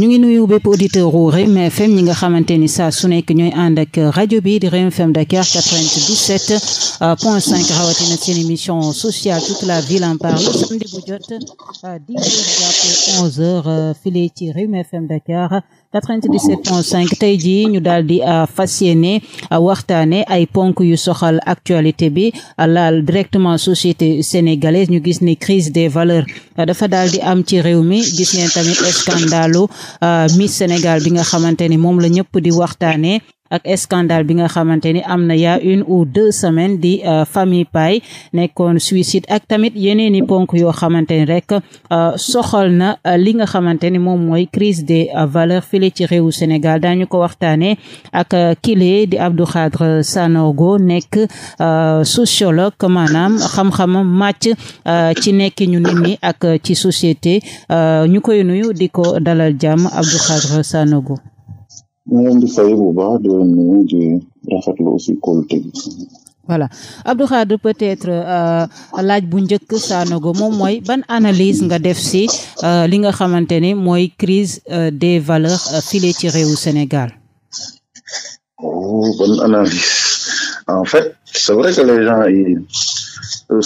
ñu ngi nuyu bépp auditeur u Rewmi FM ñi nga xamante ni saa su nekk ñooy ànd ak rajo bi di Rewmi FM Dakar 97 euh, point 5 rawatina seen émission sociale toute la ville en parle samedi bu jot 10 euh, heures jàpp 11 heures file ci Rewmi FM Dakar 97.5 tey jii ñu daal di euh, fas yéene euh, waxtaane ay ponk yu soxal actualité bi euh, laal directement société sénégalaise ñu gis ni crise des valeurs dafa daal di am ci réew mi gis neen tamit scandalu Miss Sénégal bi nga xamante ni moom la ñëpp di waxtaane ak scandale bi nga xamante ni am na yaa une ou deux semaines di euh, famille Paye nekkoon suicide ak tamit yeneen i ponk yoo xamante ni rek euh, soxal na euh, li nga xamante ni moom mooy crise de valeurs file ci réewu Sénégal daañu ko waxtaanee ak kile di Abdou Khadre Sanokho nekk sociologue maanaam xam-xamam màcc ci nekk ñu nit ñi ak ci société ñu koy nuyu di ko dalal jàmm Abdou Khadre Sanokho maa ngi leen bu baax di leen nuyu di rafetlu aussi kóolute bi. voilà Abdou peut-être euh, laaj bu njëkk Sanogo moom mooy ban analyse nga def si euh, li nga xamante ne mooy crise euh, des valeurs file ci réewu Sénégal. oh bonne analyse en fait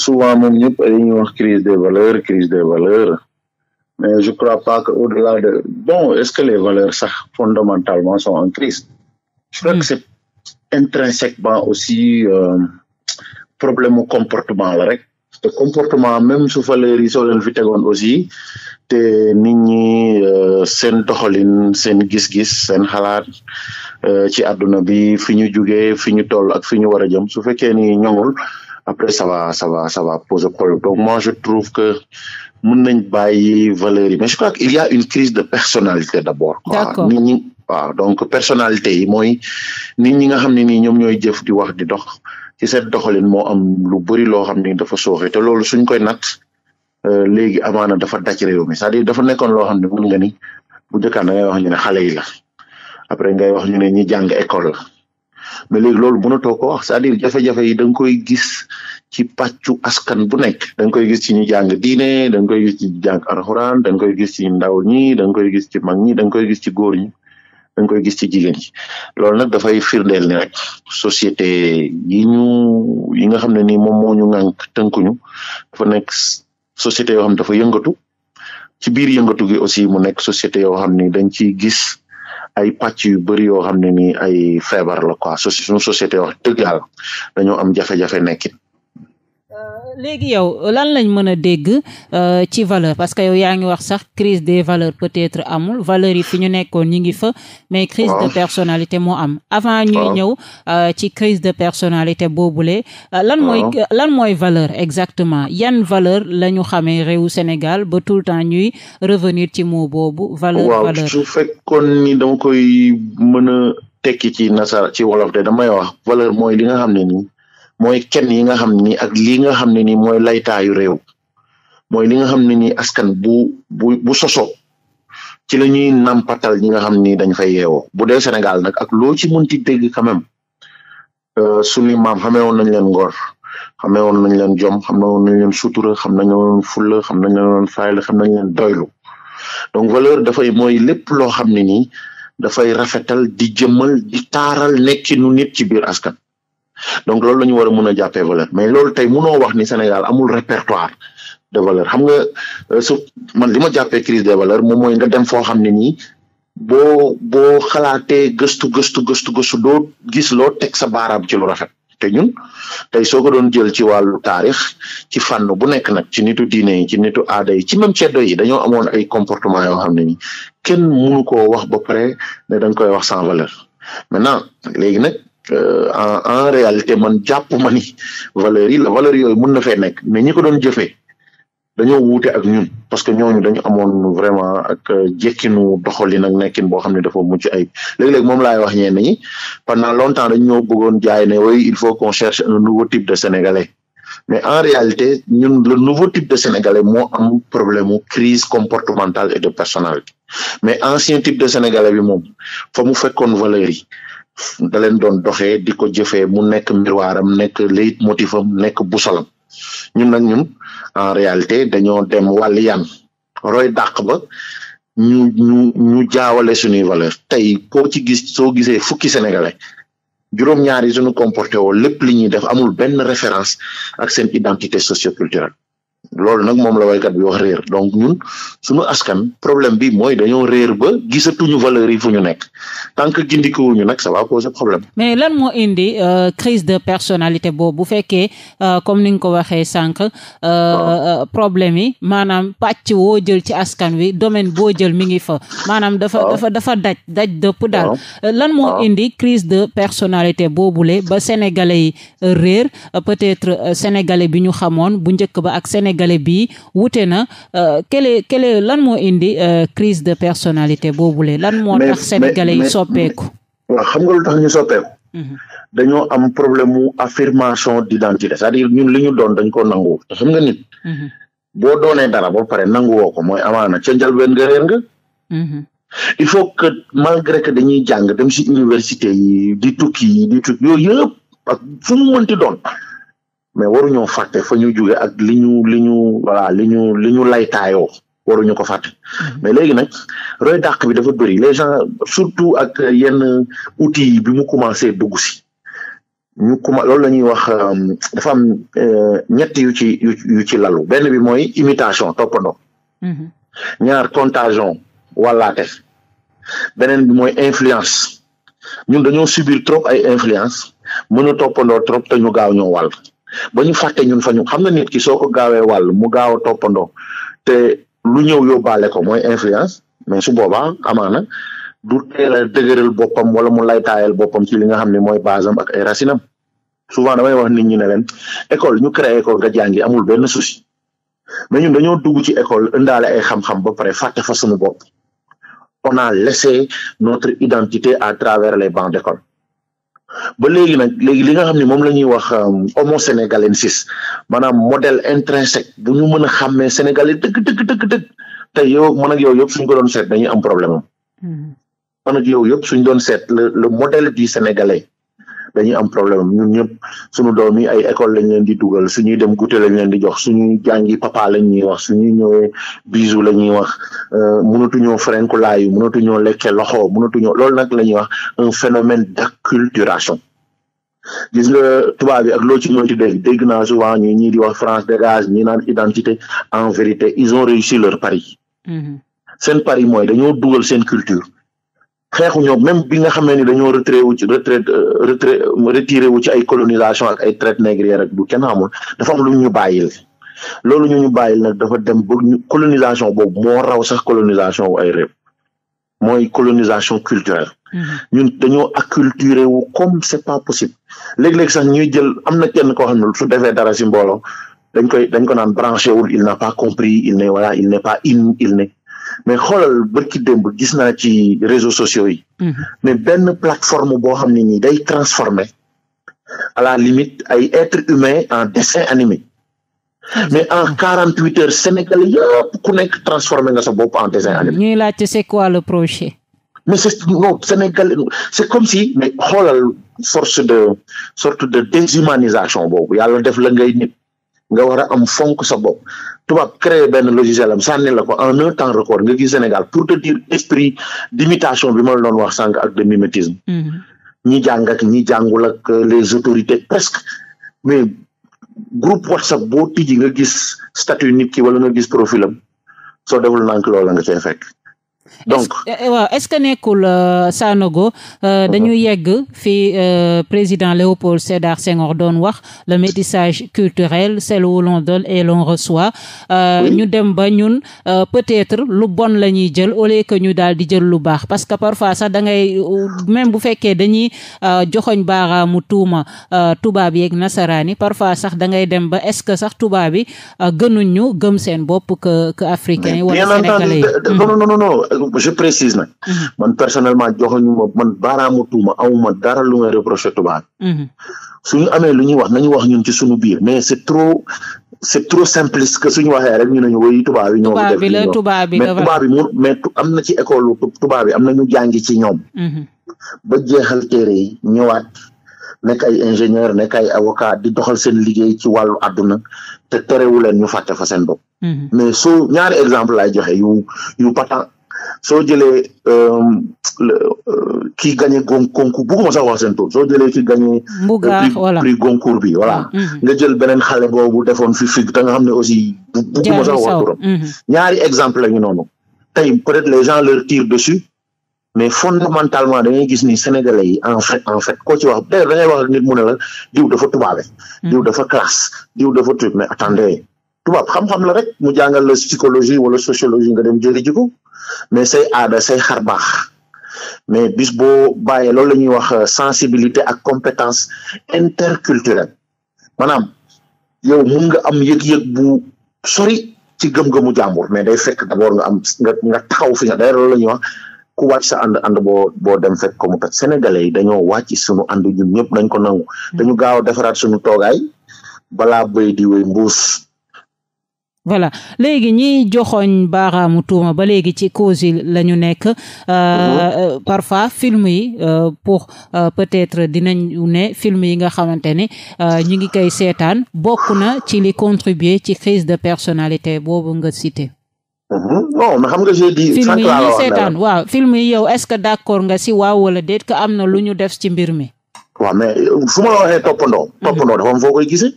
souvent moom ñëpp dañuy wax crise des valeurs crise des valeurs. mais je crois pas que au-delà de bon est-ce que les valeurs sax fondamentalement sont en crise je crois mm. que hmm. c'est aussi euh, problème mu comportement la rek te comportement même su valeurs yi soo leen fi tegoon aussi te nit ñi euh, seen doxalin seen gis-gis seen xalaat euh, ci àdduna bi fi ñu jugee fi ñu toll ak fi ñu war a jëm su fekkee ni ñoŋul après ça va ça va ça donc moi je trouve que mën nañ bàyyi valeur yi mais je crois une crise de personnalité d'abord quoi nit ñi waaw donc personnalité yi mooy nit ñi nga xam ne nii ñoom ñooy jëf di wax di dox ci seen doxalin moo am lu bëri loo xam ni dafa sooxe te loolu suñ koy nat euh, léegi amaana dafa daj réew mi cest à dafa nekkoon loo xam ne mën nga ni bu njëkkaan da ngay wax ñu ne xale yi la après ngay wax ñu ne ñi jàng école la mais léegi loolu mënatoo ko wax cest jafe-jafe yi da koy gis ci pàccu askan bu nekk dañ koy gis ci ñu jàng diine dañ koy gis ci dañ koy gis ci ndaw ñi dañ koy gis ci mag ñi dañ koy gis ci góor ñi dañ koy gis ci jigéen ñi loolu nag dafay firndeel ne rek société yi nga xam ne nii moom moo ñu tënkuñu dafa nekk société yoo xam ne dafa yëngatu ci biir yëngatu gi aussi mu nekk société yo xam ni dañ ciy gis ay pàcc yu bëri yoo xam ne nii ay feebar la quoi suñu société wax dëgg yàlla dañoo am jafe-jafe Euh, léegi yow lan lañ mën a dégg euh, ci valeur parce que yow yaa ngi wax sax crise des valeurs peut-être amul valeur yi fi ñu nekkoon ñi ngi fa mais crise de personnalité moo am avant ñuy ñëw euh, ci crise de personnalité boobule lan mooy lan mooy valeur exactement yan valeur la ñu xamee réewu Sénégal ba tout le temps ñuy revenir ci moo boobu valeur su fekkoon ni dama koy mën a tekki ci nasara ci wolof de damay wax valeur mooy li nga xam ne nii mooy kenn yi nga xam ni ak lii nga xam ne ni mooy laytaayu réew mooy li nga xam ne ni askan bu bu bu soso ci la ñuy nampatal ñi nga xam ni dañ fay yeewoo bu dee Sénégal nag ak loo ci mënti dégg quand même euh, suñu maam xamee woon nañ leen ngor xamee woon nañ leen jom xam woon nañ leen sutura xam nañ leen xam nañ leen fayla xam nañ leen doylu donc valeur dafa mooy lépp loo xam ne nii dafay rafetal di jëmal di taaral nekkinu nit ci biir askan donc loolu la ñu war a mën a jàppee valeur mais loolu tey mënoo wax ni Sénégal amul répertoire de valeur xam nga euh, su man li ma jàppee crise des valeurs moom mooy nga dem foo xam ne nii boo boo xalaatee gëstu gëstu gëstu gëstu doo gis loo teg sa baaraam ci lu rafet te ñun tey soo ko doon jël ci wàllu taarix ci fànn bu nekk nag ci nitu diine yi ci nitu aada yi ci même ceddo yi dañoo amoon ay comportement yoo xam ne ni kenn mënu koo wax ba pare ne da koy wax sans valeur maintenant léegi nag Euh, en en réalité man jàpp ma ni valeurs yi la valeurs yooyu mën na fee nekk mais ñi ko doon jëfee dañoo wuute ak ñun parce que ñooñu dañu amoon vraiment ak euh, jekkinu doxalin ak nekkin boo xam ne dafa mucc ayib léeg-léeg moom laay wax ñeen ñi pendant longtemps dañ ñoo bëggoon jaay ne oui il faut qu'on cherche un nouveau type de sénégalais mais en réalité ñun le nouveau type de sénégalais moo am problème mu crise comportementale et de personnalité mais ancien type de sénégalais bi moom fa mu fekkoon valeur yi da leen doon doxee di ko jëfee mu nekk miroiram nekk leit motifam nekk busalam ñun nag ñun en réalité dañoo dem wàll yan roy dàq ba ñu ñu ñu jaawale suñuy valeur tey koo ci gis soo gisee fukki sénégalais juróom ñaari yi suñu comporté woo lépp li ñuy def amul benn référence ak seen identité socioculturelle loolu nag moom la waykat bi wax réer donc ñun suñu askan problème bi mooy dañoo réer ba gisatuñu valeur yi fu ñu nekk tant que gindikuwuñu nag ça va poser problème. mais lan moo indi euh, crise de personnalité boobu bu fekkee euh, comme ni nga ko waxee sànq. Euh, problème yi maanaam pàcc woo jël ci askan wi domaine boo jël mi ngi fa. maanaam dafa dafa dafa daj daj dëpp daal. lan moo indi crise de personnalité le ba sénégalais yi réer peut-être sénégalais bi ñu xamoon bu njëkk ba ak sénégalais sénégalais bi wute na euh, quelle quelle lan moo indi euh, crise de personnalité boobule lan moo tax sénégalais yi soppeeku waaw xam nga lu tax ñu soppeeku mhm. dañoo am problème mu affirmation d'identité c'est-à-dire ñun li ñu doon dañ ko nangu te xam nga nit mhm. boo doonee dara ba pare nangu woo ko mooy amaana ca njalbeen nga réer nga mhm. il faut que malgré que dañuy jàng dem si université yi di tukki yi di tukki yooyu fu mu mënti doon mais waruñoo fàtte fa ñu jóge ak li ñu li ñu voilà li ñu li ñu laytaayoo waruñu ko fàtte mm-hmm. mais léegi nag roy dàq bi dafa bëri les gens surtout ak yenn outils bi mu commencé dugg si ñu commencé loolu la ñuy wax euh, dafa am euh, ñett yu ci yu ci lalu benn bi mooy imitation toppandoo mm-hmm. ñaar contagion wàllaate beneen bi mooy influence ñun dañoo subir trop ay influence mënu toppandoo trop te ñu gaaw ñoo wàll ba ñu fàtte ñun fa ñu xam na nit ki soo ko gaawee wàll mu gaaw a toppandoo te lu ñëw yóbbaale ko mooy influence mais su boobaa amaana du teel a dëgëral boppam wala mu laytaayal boppam ci li nga xam ne mooy base am ak ay racinam na damay wax nit ñi ne leen école ñu créé école nga jàngi amul benn souci mais ñun dañoo dugg ci école indaale ay xam-xam ba pare fàtte fa suñu bopp on a laissé notre identité à travers les bancs d'école ba léegi nag léegi li nga xam ne moom la ñuy wax euh, homo sénégalensis maanaam modèle intrinsèque bu ñu mën a xàmmee sénégalais dëgg dëgg dëgg dëgg tey yow man ak yow yëpp suñ ko doon seet dañuy am problème am hmm. man ak yow yëpp suñ doon seet le le modèle du sénégalais dañuy am problème ñun ñëpp suñu doom yi ay école lañ leen di dugal suñuy dem goûter lañ leen di jox suñuy jàngi papa lañ ñuy wax suñuy ñëwee bisu la ñuy wax euh, mënatuñoo frenkulaayu mënatuñoo lekke loxo mënatuñoo loolu nag la ñuy wax un phénomène d'acculturation gis nga tubaab bi ak loo ci ñoo ci dégg dégg naa souvent ñu ñii di wax France dégage ñi naan identité en vérité ils ont réussi leur pari mm-hmm. seen pari mooy dañoo dugal seen culture xeexuñoo même bi nga xamee ni dañoo retiré wu ci retrait euh, retrait retiré wu ci ay colonisation ay traite négrière ak du kenn xamul dafa am lu ñu bàyyil loolu ñu ñu bàyyil nag dafa dem ba colonisation boobu moo raw sax colonisation wu ay réew mooy colonisation culturelle mm-hmm. ñun dañoo acculturé wu comme c'est pas possible léeg-léeg sax ñuy jël am na kenn koo xam ne su defee dara si mbooloo dañ koy dañ ko naan branché wul il n'a pas compris il n'est voilà il n'est pas in il n'est mais xoolal bërki démb gis naa ci réseaux sociaux yi. Hmm. mais benn plateforme boo xam ne nii day transformer à la limite ay êtres humains en dessin animé mais en quarante huit heures sénégalais yëpp ku nekk transformé nga sa bopp en dessin animé. ñuy laajte c'est quoi le projet. mais c'est comme si mais xoolal force de sorte de déshumanisation boobu yàlla def la ngay nit. nga war a am fonk sa bopp tubaab créé benn logiciel am sànni la ko en un temps record nga gis Sénégal pour te dire esprit d'imitation bi ma la doon wax sànq ak de mimétisme mm-hmm. ñi jàng ak ñi jàngul ak les autorités presque mais groupe WhatsApp boo tijji nga gis statut nit ki wala nga gis profil am soo deful nank loolu la nga cay fekk donc eh, waaw est ce que nekkul euh, Sanogo euh, dañu yegg fi euh, président Léopold Sédar Senghor doon wax le métissage culturel c'est où l'on donne et l'on reçoit ñu dem ba ñun peut être lu bon la ñuy jël au lieu que ñu daal di jël lu baax parce que parfois sax da ngay même bu fekkee dañuy joxoñ baaraamu tuuma tubaab yeeg nasaraan yi parfois sax da ngay dem ba est ce que sax tubaab yi gënuñ ñu gëm seen bopp que africain yi wala sénégalais yi hmm. non non non je précise nag. Mm-hmm. man personnellement joxuñu ma man baaraamu tuuma amuma dara lu may reproché tubaab. Mm-hmm. suñu amee wax nañu wax ñun ci suñu biir mais c'est trop c'est trop simpliste que suñu waxee rek ñu ne ñu woy tubaab yi. ñoo def li ñoom tubaab bi la tubaab bi mais am na ci école tubaab bi am na ñu jàngi mm-hmm. yi ñëwaat. nekk ay di doxal seen liggéey ci wàllu àdduna te terewuleen ñu fàtte fa seen bopp mais soo ñaari exemple lay joxe yu yu patent soo jëlee euh, euh, ki gagné concours bugguma sax wax seen tur soo jëlee ki gagné. Euh, Mbuga voilà prix concours bi voilà. Mm-hmm. nga jël beneen xale boobu defoon fi fi te nga xam ne aussi. bugguma sax wax turam mm-hmm. ñaari exemple lañu ñu noonu. tey peut-être les gens leur tirent dessus. mais fondamentalement dañuy gis ni sénégalais yi en fait en fait koo ci wax d'ailleurs da ngay wax nit mu ne la diw dafa tubaabe. diw mm-hmm. dafa classe diw dafa truc mais attendez tubaab xam-xam la rek mu jàngal la psychologie wala sociologie nga dem jëli ji ko mais say aada say xar baax mais bis boo bàyyee loolu la ñuy wax euh, sensibilité ak compétence interculturelle maanaam yow mun nga am yëg-yëg bu sori ci gëm-gëmu jàmbur mais day fekk d'abord nga am nga nga taxaw fi nga day loolu la ñuy wax ku wàcc sa ànd ànd boo boo dem fekk ko mu toj sénégalais yi dañoo wàcc suñu ànd ñun ñëpp dañ ko nangu hmm. dañu gaaw defaraat suñu toogaay balaa béy di wéy voilà léegi ñiy joxoñ baaraamu tuuma ba léegi ci cause yi la ñu nekk euh, mhm. parfois film yi euh, pour euh, peut-être dinañu ne film yi nga xamante ni euh, ñu ngi koy seetaan bokk na ci li contribuer ci crise de personnalité boobu nga cité mhm. film yi ñu seetaan waaw film yi yow est-ce que d'accord nga si waaw wala déet que am na lu ñu def ci mbir mi waaw mais fu ma la waxee toppandoo toppandoo mhm. dafa am foo koy gisee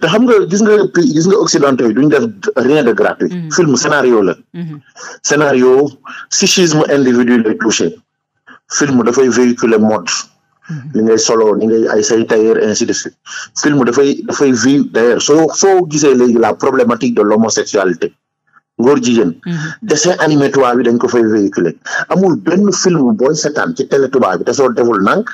te xam nga gis nga gis nga occidentaux yi duñ def rien de gratuit. Mm-hmm. film scénario la. Mm-hmm. scénario psychisme individu lay touché. film dafay véhiculer mode. li mm-hmm. ngay solo li ngay ay say tailleur ainsi de suite. film dafay dafay vi d'ailleurs soo soo gisee léegi la problématique de l'homosexualité ngóor jigéen. dessin animé tubaab bi dañ ko fay véhiculer amul benn film booy setaan ci télé tubaab bi te deful nànk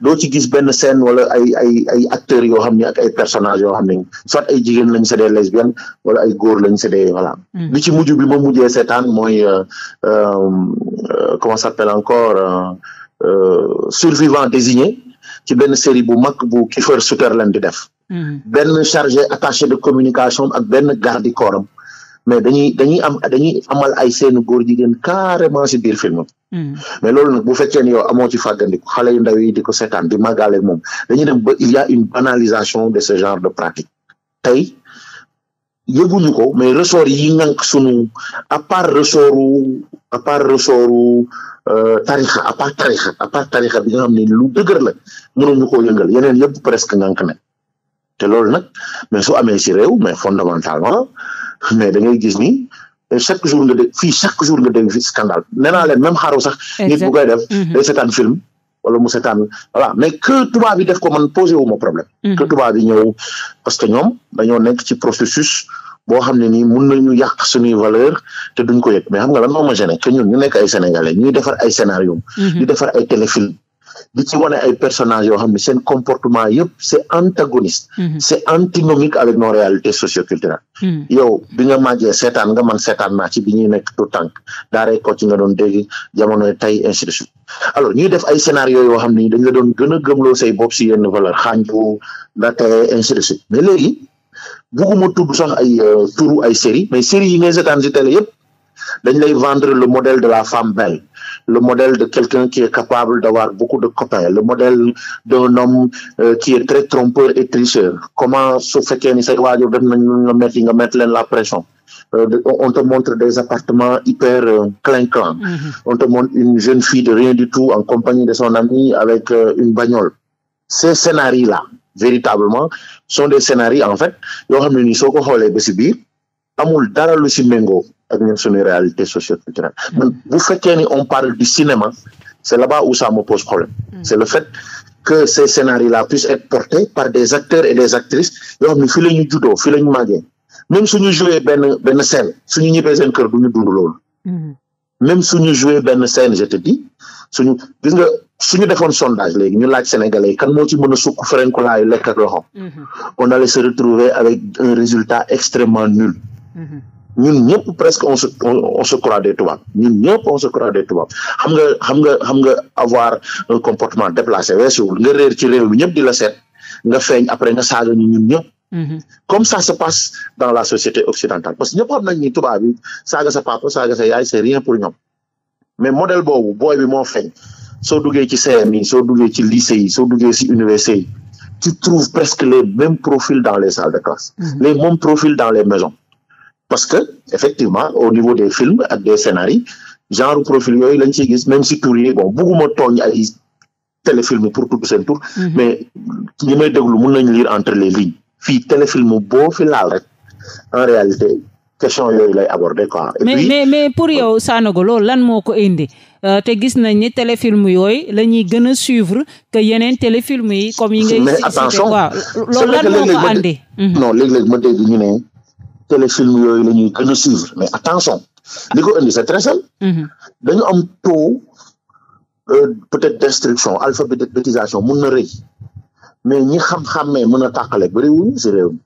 doo ci gis benn scène wala ay ay ay acteurs yoo xam ne ak ay personage yoo xam ne soit ay jigéen lañ sede des lesbiennes wala ay góor lañ c'est des voilà li hmm. ci mujj bi ma mujjee seetaan mooy euh, euh, comment s'appelle encore euh, survivant désigné ci benn série bu mag bu ki Kiefer Sutherland di def hmm. benn chargé attaché de communication ak benn garde corps am mais dañuy am dañuy amal ay seenu góor jigéen carrément ci biir film Hmm. mais loolu nag bu fekkee ne yow amoo ci fàggandiku xale yu ndaw yi di ko seetaan di màggaale moom dañuy dem ba il y a banalisation de ce genre de pratique tey yëguñu ko mais ressort yi ngànk sunu à part ressortu à part ressortu euh, tarixa à part tarixa à bi nga xam ne lu dëgër la mënuñu koo yëngal yeneen yëpp presque ngànk ne te loolu nag mais su amee ci réew mais fondamentalement mais da ngay gis ni chaque jour nga dégg fii chaque jour nga dégg fi scandale nee naa leen même xaaru sax nit bu koy def mhm. day seetaan film wala mu seetaan voilà mais que tubaab bi def ko man posé wu ma problème mhm. que tubaab bi ñëw parce que nekk ci processus boo xam ne nii mun nañu yàq suñuy valeur te duñ ko yëg mais xam nga lan moo ma gêné que ñun ñu nekk ay sénégalais ñuy defar ay scénario mhm. di defar ay téléfilm di ci wane ay personnages yoo xam ne seen comportement yëpp c'est antagoniste mhm. c'est antinomique avec nos réalités socioculturelles mhm. yow bi nga màggee seetaan nga man seetaan naa ci bi ñuy nekk tout tànk ko ci nga doon dégg jamonoy tey ainsi de suite alors ñuy def ay scénario yoo xam ne dañ la doon gën a gëmloo say bopp si yenn valeur xaanju nda tey ainsi de suite mais tudd sax ay euh, turu ay série mais série yi ngay seetaan si télé yëpp dañ lay vendre le modèle de la femme belle le modèle de quelqu'un qui est capable d'avoir beaucoup de copains le modèle d'un homme euh, qui est très trompeur et tricheur comment su fekkee ni say waajur def nañ nga metti nga mettre leen la pression Euh, on te montre des appartements hyper euh, clinquants. Mm On te montre une jeune fille de rien du tout en compagnie de son ami avec euh, une bagnole. Ces scénarios-là, véritablement, sont des scénarios en fait yoo xam ne nii soo ko xoolee ba si amul dara lu si méngoo ak ñun suñuy réalité socioculturelle mm. man bu fekkee ni on parle du cinéma c'est là-bas où ça me pose problème mm. c'est le fait que ces scénarios là puissent être portés par des acteurs et des actrices yoo xam ne fii la ñu juddoo fii la ñu suñu joué benn scène suñu ñibbee seen kër du ñu dund loolu mm-hmm. même suñu joué benn scène je te suñu suñu defoon sondage léegi ñu laaj sénégalais kan moo ci mën a sukk ferenkulaayu lekk ak loxo mm-hmm. on se retrouver avec un résultat ñun ñëpp presque on se on se croit des tubaab ñun ñëpp on se croit des tubaab xam nga xam nga avoir un comportement déplacé weesuwul nga réer ci réew mi ñëpp di la seet nga feeñ après nga saaga ñu ñun ñëpp. Mm-hmm. comme ça se passe dans la société occidentale parce que ñëpp xam nañ ni tubaab bi saaga sa papa saaga sa yaay c'est rien pour ñoom mais modèle boobu booy bi moo feeñ soo dugee ci CM yi soo duggee ci lycée yi soo duggee ci université yi tu trouves presque les mêmes profils dans les salles parce que effectivement au niveau des films ak des scénarios genre profil yooyu lañ ciy gis même si tur yi bon bugguma tooñ ay téléfilm pour tudd seen tur mhm. mais ñi may déglu mun nañ lire entre les lignes fii téléfilm boo fi laal rek en réalité question yooyu lay aborder quoi. et mais, mais mais pour euh, yow Sanogo loolu lan moo ko indi euh, te gis nañ ni téléfilm yooyu la ñuy gën a suivre que yeneen téléfilm yi comme yi ngay. mais attention loolu lan moo ko andi. Mhm. non léeg-léeg ma dégg ñu téléfilm yooyu la ñuy gën a suivre mais attention li ko indi sa très simple mm-hmm. dañu am taux euh, peut-être d'instruction alphabétisation mun na rëy mais ñi xam-xammee mën a tàqale bëri wuñu si réew mi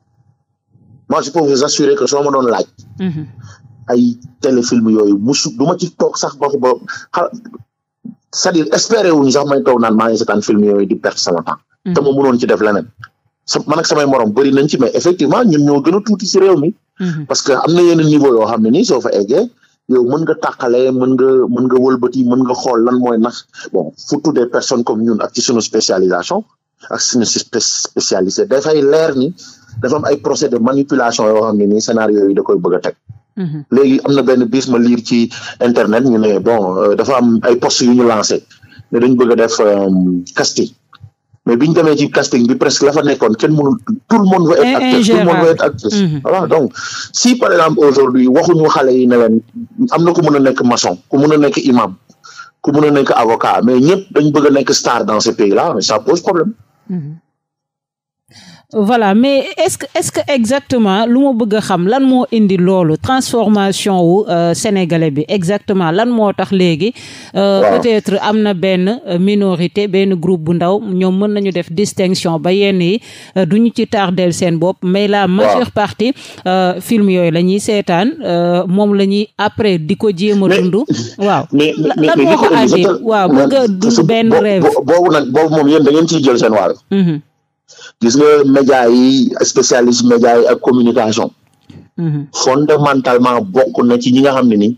moi je peux vous assurer que soo ma doon laaj mm-hmm. ay téléfilm yooyu musu du ma ci toog sax ba ba xa c'est-à-dire espérer wuñu sax may toog naan maa ngi seetaan film yooyu di perte sama temps mm-hmm. te ma ci def leneen sa man ak samay morom bëri nañ ci mais effectivement ñun ñoo gën tuuti si réew mi Mm-hmm. parce que am na yenn niveau yoo xam ne nii soo fa eggee yow mën nga tàqale mën nga mën nga wëlbati mën nga xool lan mooy nax bon surtout des personnes comme ñun ak ci suñu spécialisation ak suñu spécialisé dafay leer ni dafa am ay procès de manipulation yoo xam ne nii scénario yi da koy bëgg a teg mm-hmm. léegi am na benn bis ma lire ci internet ñu ne bon euh, dafa am ay post yu ñu lancé ne dañ bëgg a def euh, casting mais bi ñu demee ci casting bi presque la fa nekkoon kenn mënul tout le monde veut être acteur tout le monde veut être actrice mhm. si par exemple aujourd'hui waxuñu xale yi ne leen am na ku mën a nekk masson ku mën a nekk imam ku mën a nekk avocat mais ñëpp dañ bëgg a nekk star dans ce pays là mais pose problème mhm. voilà mais est-ce que est-ce que exactement lu ma bëgg a xam lan moo indi loolu transformation wu euh, sénégalais bi exactement lan moo tax léegi. Euh, peut-être am na benn euh, minorité benn groupe bu ndaw ñoom mën nañu def distinction ba yenn yi du ñu ci tardel seen bopp. mais la majeure partie film yooyu lañuy ñuy seetaan moom la ñuy après di ko jéem a dund. waaw lan moo ko andi waaw bëgg a dund benn rêve. boobu nag boobu moom yéen da ngeen jël seen wàll. gis nga média yi spécialiste média yi ak communication mm-hmm. fondamentalement bokk na ci ñi nga xam ne ni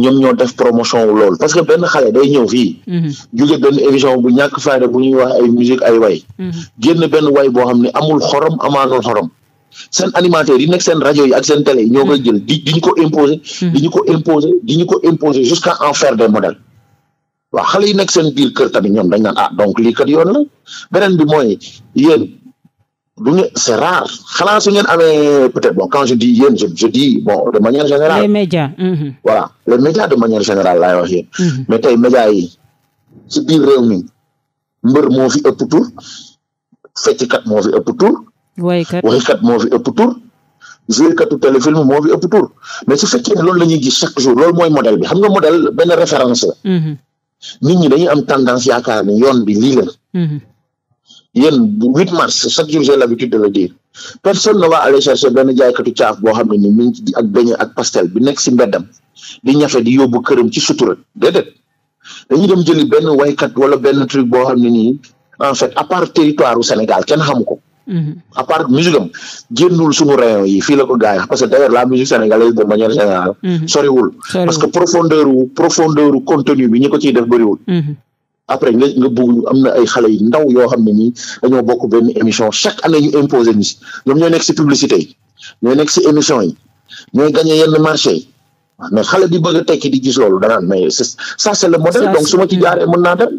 ñoom ñoo def promotion lool parce que benn xale day ñëw fi mm-hmm. jóge benn émission bu ñakk fayda bu ñuy wax ay musique ay way mm-hmm. génn benn way boo xam ne amul xorom amaanul xorom seen animateurs yi nekk sen rajo yi ak seen télé yi ñoo koy jël di ñu ko imposer di ñu ko imposer di en faire des modèles waaw xale yi nekk seen biir kër tamit ñoom dañ naan ah donc lii kat yoon la beneen bi mooy yéen du ngeen c'est rare xanaa ngeen amee peut-être bon quand je dis yéen je je dis bon de manière générale. les médias. Mm-hmm. voilà les médias de manière générale laay wax yéen. Mm-hmm. mais tey médias yi ci biir réew mi mbër moo fi ëpp tur fecckat moo fi ëpp tur. woykat woykat moo fi ëpp tur. joué katu téléfilm moo fi ëpp tur mais su fekkee ne loolu la ñuy gis chaque jour lool mooy modèle bi xam nga modèle benn référence nit ñi dañuy am tendance yaakaar ni yoon bi lii la mhm. yéen huit mars chaque jour j'ai l'habitude de la dire personne ne va aller chercher benn jaaykatu caaf boo xam ne ni mi ngi ak beñe ak pastel bi nekk si mbeddam di ñafe di yóbbu këram ci sutura déedéet dañuy dem jëli benn waykat wala benn truc boo xam ne nii en fait à part Sénégal kenn xamu ko Mm-hmm. à part musique am génnul suñu rayon yi fii la ko gars yi parce que d'ailleurs la musique sénégalaise de manière générale mm-hmm. soriwul parce que profondeur wu profondeur wu contenu bi ñi ko ciy def bëriwul mm-hmm. après nga nga bugg am na ay xale yu ndaw yoo xam ne nii dañoo bokk benn émission chaque année ñu imposé ñu ñoom ñooy nekk si publicité yi ñooy nekk si émission yi ñooy gagné yenn marché yi ah, mais xale di bëgg a tekki di gis loolu danaan mais ça c'est le modèle donc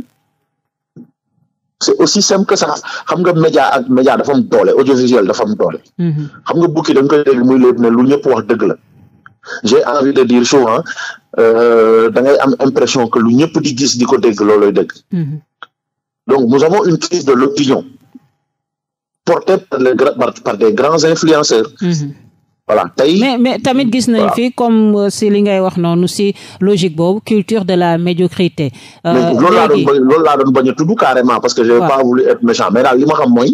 c'est aussi simple que ça xam nga média ak média dafa am doole audiovisuel dafa am doole. Mm-hmm. xam nga bukki da nga koy muy lépp lu ñëpp wax dëgg la. j'ai envie de dire souvent euh, da ngay am impression que lu ñëpp di gis di ko dëgg. Mm-hmm. donc nous avons une crise de l'opinion portée par des grands influenceurs. Mm-hmm. voilà tey mais mais tamit gis nañ fi comme euh, si li ngay wax noonu si logique boobu culture de la médiocrité euh, mais loolu laa doon loolu laa du bañ carrément parce que j'ai pas voulu être méchant mais daal li xam mooy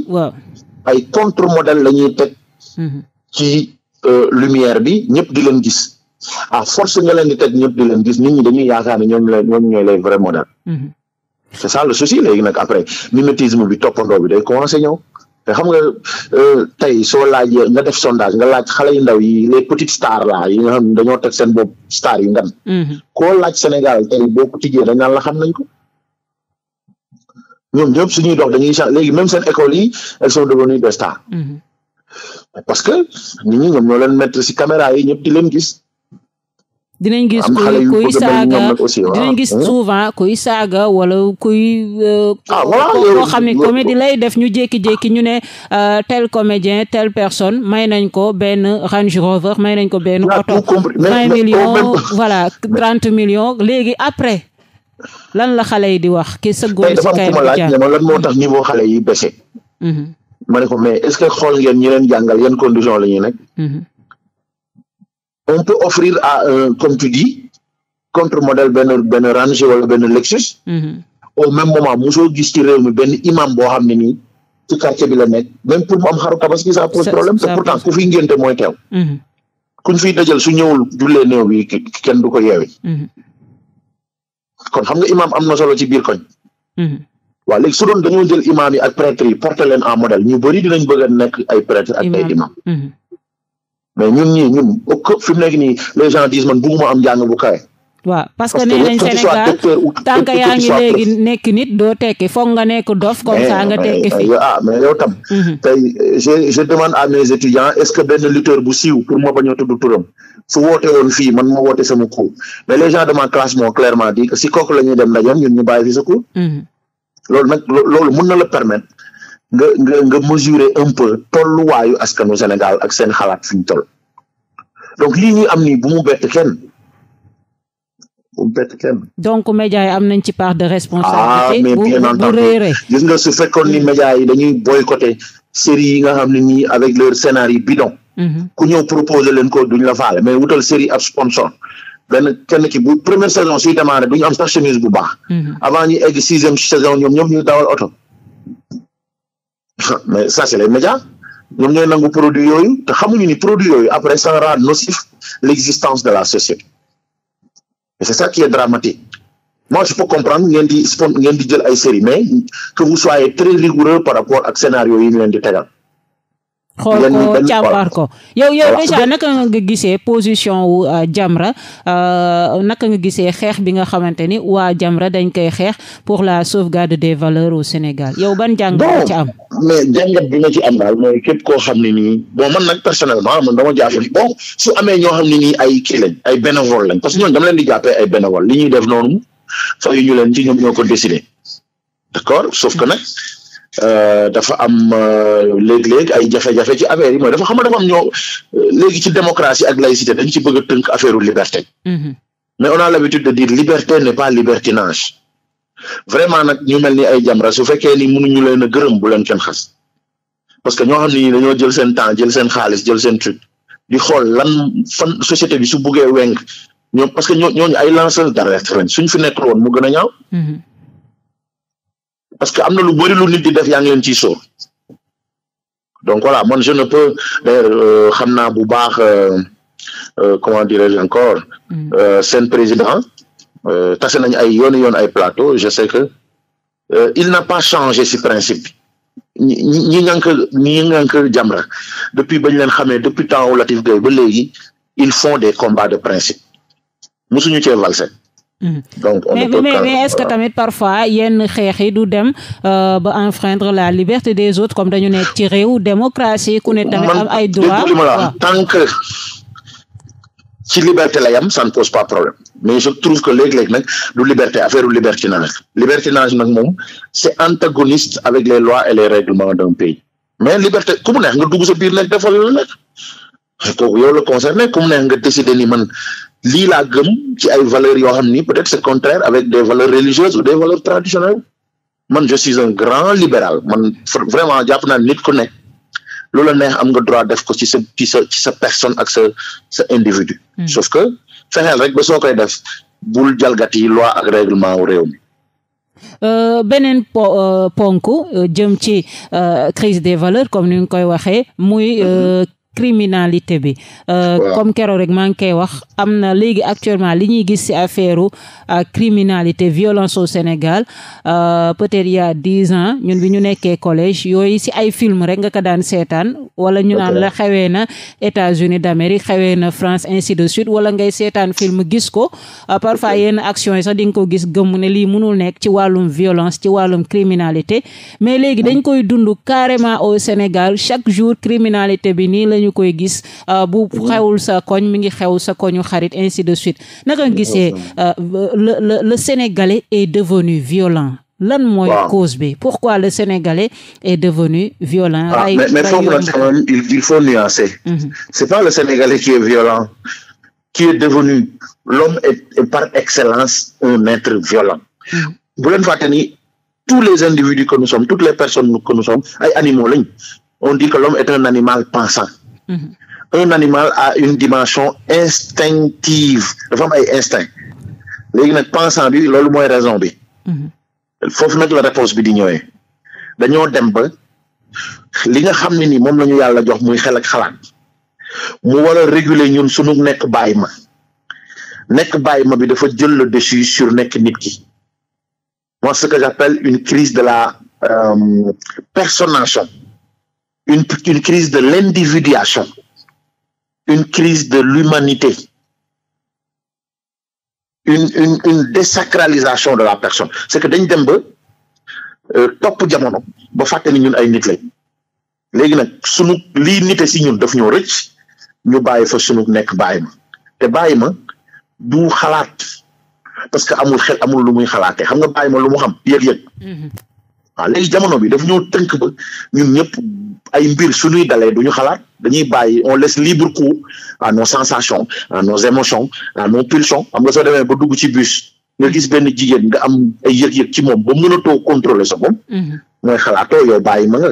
ay contre modèle la ñuy teg mm-hmm. ci euh, lumière bi ñëpp di leen gis a force nga leen di teg ñëpp di leen gis nit dañuy yaakaar ne ñoom la ñoom ñooy les vrais modèles mm-hmm. c'est ça le souci léegi nag après mimétisme bi toppandoo bi day commencé ñëw te xam nga euh, tey soo laajee nga def sondage nga laaj xale yu ndaw yi les petites stars la yi nga xam dañoo teg seen bopp star yu ngan mm-hmm. koo laaj Sénégal tey boo ko tijjee dañ naan la xam nañ ko ñoom ñëpp suñuy dox dañuy changé léegi même seen école yi elles sont devenues des stars mm-hmm. parce que nit ñi ñoom ñoo leen mettre si caméra yi ñëpp di leen gis dinañ gis kuy saaga dinañ gis souvent kuy saaga wala kuy euh, ah, koo xam ne comédie lay def ñu jékki-jékki ñu ne euh, tel comédien telle personne may nañ ko benn Range Rover may nañ ko benn oto vingt millions voilà trente million léegi après lan la xale yi di wax ki sa góor si kay ma laaj ne ma moo tax niveau xale yi baissé mhm. ma ne ko mais est-ce que xool ngeen ñu leen jàngal yan condition la ñuy nekk mhm. on peut offrir à un comme tu dis contre-modèle benn benn Range wala benn Lexus. Mhm. au même moment mosoo gis ci réew mi benn imam boo xam ne ni ci quartier bi la nekk même pour mu am xaru tabaski a pose problème te pourtant ku fi ngénte mooy teew. Mhm. kuñ fiy dajal su ñëwul jullee néew bi kenn du ko yeewi. Mhm. kon xam nga imam am na solo ci biir koñ. waaw léegi su doon dañoo jël imam yi ak prêtre yi modèle ñu bëri dinañ bëgg a nekk ay prêtre ak ay imam. mais ñun ñii ñun fi mu nekk nii les gens disent man bëgguma am njàng bu kawe. waaw parce que nee nañ Sénégal yaa ngi léegi nekk nit doo tekki foog nga nekk dof comme ça nga tekki fi ah mais yow mhm. je demande à mes étudiants est-ce que benn lutteur bu siiw pour ma bañ a tudd turam woote woon fii man ma woote sama cours mais les gens de ma classe m'ont clairement dit si kooku la ñuy dem ndajeem ñun ñu bàyyi fi sa mhm. loolu mun na la permettre nga nga nga mesurer un peu tolluwaayu askanu Sénégal ak seen xalaat fi tol toll donc lii ñuy am nii bu mu bett kenn bu mu bett kenn. donc média yi am nañ ci part de responsabilité. ah mais bien entendu gis nga su fekkoon ni mm. média yi dañuy boycotter série yi nga xam ne nii avec leur scénario bidon. Mm-hmm. ku ñëw proposer leen ko duñ la faale mais wutal série ab sponsor. benn kenn ki bu première saison suy démarré duñu am sax chemise bu baax. Mm-hmm. avant ñu egg sixième saison ñoom ñoom ñuy dawal oto. mais ça c'est les médias ñoom ñooy nangu produit yooyu te xamuñu ni produit yooyu après ça rend nocif l'existence de la société et c'est ça qui est dramatique moi je peux comprendre ngeen spon ngeen jël ay série mais que vous soyez très rigoureux par rapport ak yi ñu leen di tegal xool ko càmbar ko yow yow déjà naka nga gisee position wu euh, Jamra euh, naka nga gisee xeex bi nga xamante ni waa Jamra dañ koy xeex pour la sauvegarde de valeurs au Sénégal yow ban jàngat ci am mais jàngat bi nga ci am daal mooy képp koo xam ne nii bon man nag personnellement man dama jàpp ni bon su amee ñoo xam ne nii ay kii lañ ay bénévole lañ parce que ñoom dama leen di jàppee ay bénévole li ñuy def noonu fayu ñu leen ci ñoom ñoo ko décider d'accord sauf que nag Euh, dafa am euh, léeg-léeg ay jafe-jafe ci affaire yi mooy dafa xam dafa am ñoo euh, léegi ci démocratie ak laïcité dañ ci bëgg tënk affaire liberté. Mm-hmm. mais on a l'habitude de dire liberté n'est pas libertinage vraiment nag ñu mel ni ay Jamra su fekkee ni mënuñu leen a gërëm bu leen kenn xas parce que ñoo xam ni dañoo jël seen temps jël seen xaalis jël seen truc di xool lan fan société bi su buggee weng ñoo parce que ñoo ñooñu ay lanceurs d'alerte lañ suñ fi nekk woon mu gën a ñaaw. Mm-hmm. parce que am na lu bëri lu nit di def yaa ngi ci ciy donc voilà man je ne peux d'ailleurs euh, xam naa bu baax euh, euh, comment dirais-je encore mm. seen président tasse nañu ay yooni yoon ay plateau je sais que il n'a pas changé si principe ñi ñi ñi ñi ñànk Jamra depuis bañ leen xamee depuis temps Latif Gueye ba léegi il font des combats de principe musuñu cee valse Mm-hmm. donc on mais, est-ce que tamit parfois yenn xeex yi du dem euh, ba enfreindre la liberté des autres comme dañu nekk ci réew démocratie ku ne tamit ay droit voilà tant que ci liberté la yam ça ne pose pas problème mais je trouve que léeg-léeg nag du liberté affaire du libertinage libertinage nag moom c'est antagoniste avec les lois et les règlements d'un pays mais liberté ku mu neex nga dugg sa biir nekk defal la nekk kooku la concerné ku mu neex décider ni man lii la gëm ci ay valeurs yoo xam ni peut-être c'est contraire avec des valeurs religieuses ou des valeurs traditionnelles man je suis un grand libéral man vraiment jàpp naa nit ku nekk loola neex am nga droit def ko ci sa ci sa ci sa personne ak sa individu. Hmm. sauf que fexeel rek ba soo koy def bul jalgati loi a règlement wu réew mi. Euh, euh, euh jëm ci euh, crise des valeurs comme ni nga koy waxee muy criminalité bi. Euh, comme keroog rek maa ngi koy wax am na léegi actuellement li ñuy gis si affaire euh, criminalité violence au Sénégal euh, peut-être il y ans ñun bi ñu nekkee collège yooyu si ay film rek nga ko daan seetaan wala ñu naan la xewee na États-Unis d'Amérique xewee na France ainsi de suite wala ngay seetaan film gis ko parfois yenn action yi sax di nga ko gis gëmm ne lii munul nekk ci wàllum violence ci wàllum criminalité mais léegi dañ koy dund carrément au jour criminalité ñu koy gis euh, bu mm-hmm. xewul sa koñ mi ngi xew sa koñu xarit ainsi de suite na nga gisee euh, le le le sénégalais est devenu violent lan mooy cause bi pourquoi le sénégalais est devenu violent ah, mais, mais faut quand même, il, il faut nuancer mm -hmm. c'est pas le sénégalais qui est violent qui est devenu l'homme est, par excellence un être violent mm-hmm. bu leen fàtte ni tous les individus que nous sommes toutes les personnes que nous sommes ay animaux lañ on dit que l'homme est un animal pensant Mmh. un animal a une dimension instinctive dafa am ay instinct léegi nag pensant bi loolu mooy raison bi mm-hmm. foofu nag la réponse bi di ñëwee dañoo dem ba li nga xam ne ni moom la yàlla jox muy xel ak xalaat mu war a réguler ñun suñu nekk bàyyi ma nekk bàyyi ma bi dafa jël le dessus sur nekk nit ki moi ce que j'appelle une crise de la euh, une, une crise de l'individuation, une crise de l'humanité, une, une, une désacralisation de la personne. C'est que dañ dem ba euh, topp jamono ba fàtte ni ñun ay nit lañ léegi nag sunu lii nite si ñun daf ñoo rëcc ñu bàyyi fa sunu nekk bàyyi ma te bàyyi ma du xalaat parce que amul xel amul lu muy xalaatee xam nga bàyyi ma lu mu xam yëg-yëg mm-hmm. waaw léegi jamono bi daf ñoo tënk ba ñun ñëpp ay mbir suñuy dalee du ñu xalaat dañuy bàyyi on laisse libre cours à nos sensations à nos émotions à nos pulsions xam nga soo demee ba dugg ci bus nga gis benn jigéen nga am ay yëg-yëg ci moom ba mënatoo contrôler sa bopp mm-hmm. mooy xalaatoo yow bàyyi ma nga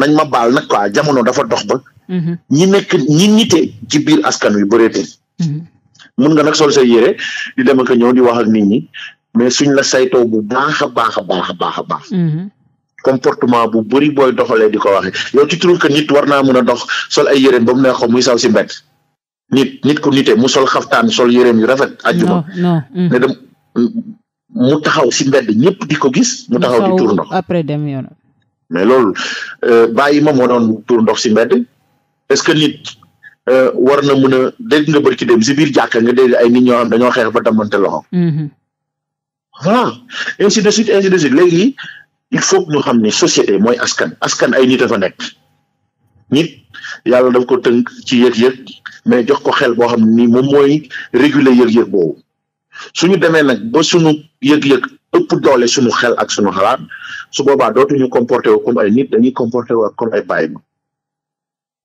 nañ ma baal nag quoi jamono dafa dox ba mm-hmm. ñi nekk ñi nite ci biir askan wi bëreetul mën mm-hmm. nga nag sol sa yére di dem ak di wax ak nit ñi mais suñ la saytoo bu baax a baax a baax a baax a baax. Mm-hmm. comportement bu bëri booy doxalee di ko waxe yow tu trouves que nit war naa mën a dox sol ay yéreem ba mu neex ko muy saw si mbedd nit nit ku nite mu sol xaftaan sol yéreem yu rafet. ajjuma mm. ne dem mu taxaw si mbedd ñëpp di ko gis. mu taxaw di tuur ndox après dem yoon mais loolu euh, bàyyi ma moo doon tuur ndox si mbedd est-ce que nit euh, war na mën a dégg nga bërki dem si biir jàkka nga dégg ay nit ñoo xam dañoo xeex ba damante loxo. Mm-hmm. voilà ainsi de suite ainsi léegi il faut que xam ni société mooy askan askan ay nit a fa nekk nit yàlla daf ko tënk ci yëg-yëg mais jox ko xel boo xam ni moom mooy réguler yëg-yëg boobu suñu demee nag bo suñu yëg-yëg ëpp doole suñu xel ak suñu xalaat su boobaa dootuñu comporté wu comme ay nit dañuy comporté wu comme ay bàyyi ma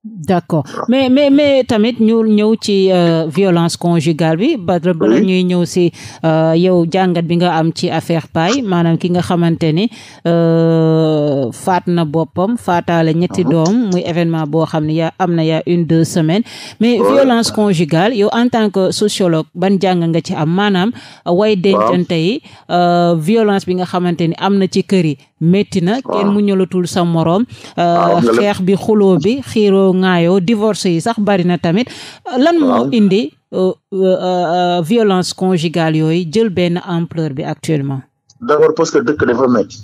d'accord mais mais mais tamit ñu ñëw ci euh, violence conjugale bi ba bala ñuy ñëw si euh, yow jàngat bi nga am ci affaire pay maanaam ki nga xamante ni euh, faat na boppam faatale ñetti uh-huh. doom muy événement boo xam ne yaa am na yaa une deux semaines mais violence conjugale yow en tant que sociologue ban jàng nga ci am maanaam way dencante yi violence bi nga xamante ni am na ci kër yi metti na kenn mu ñëlatul sa moroom euh, xeex bi xuloo bi xiiroo ŋaayoo divorce yi sax bari na tamit lan moo indi euh, euh, violence conjugale yooyu jël benn empleur bi actuellement d'abord parce que dëkk dafa métti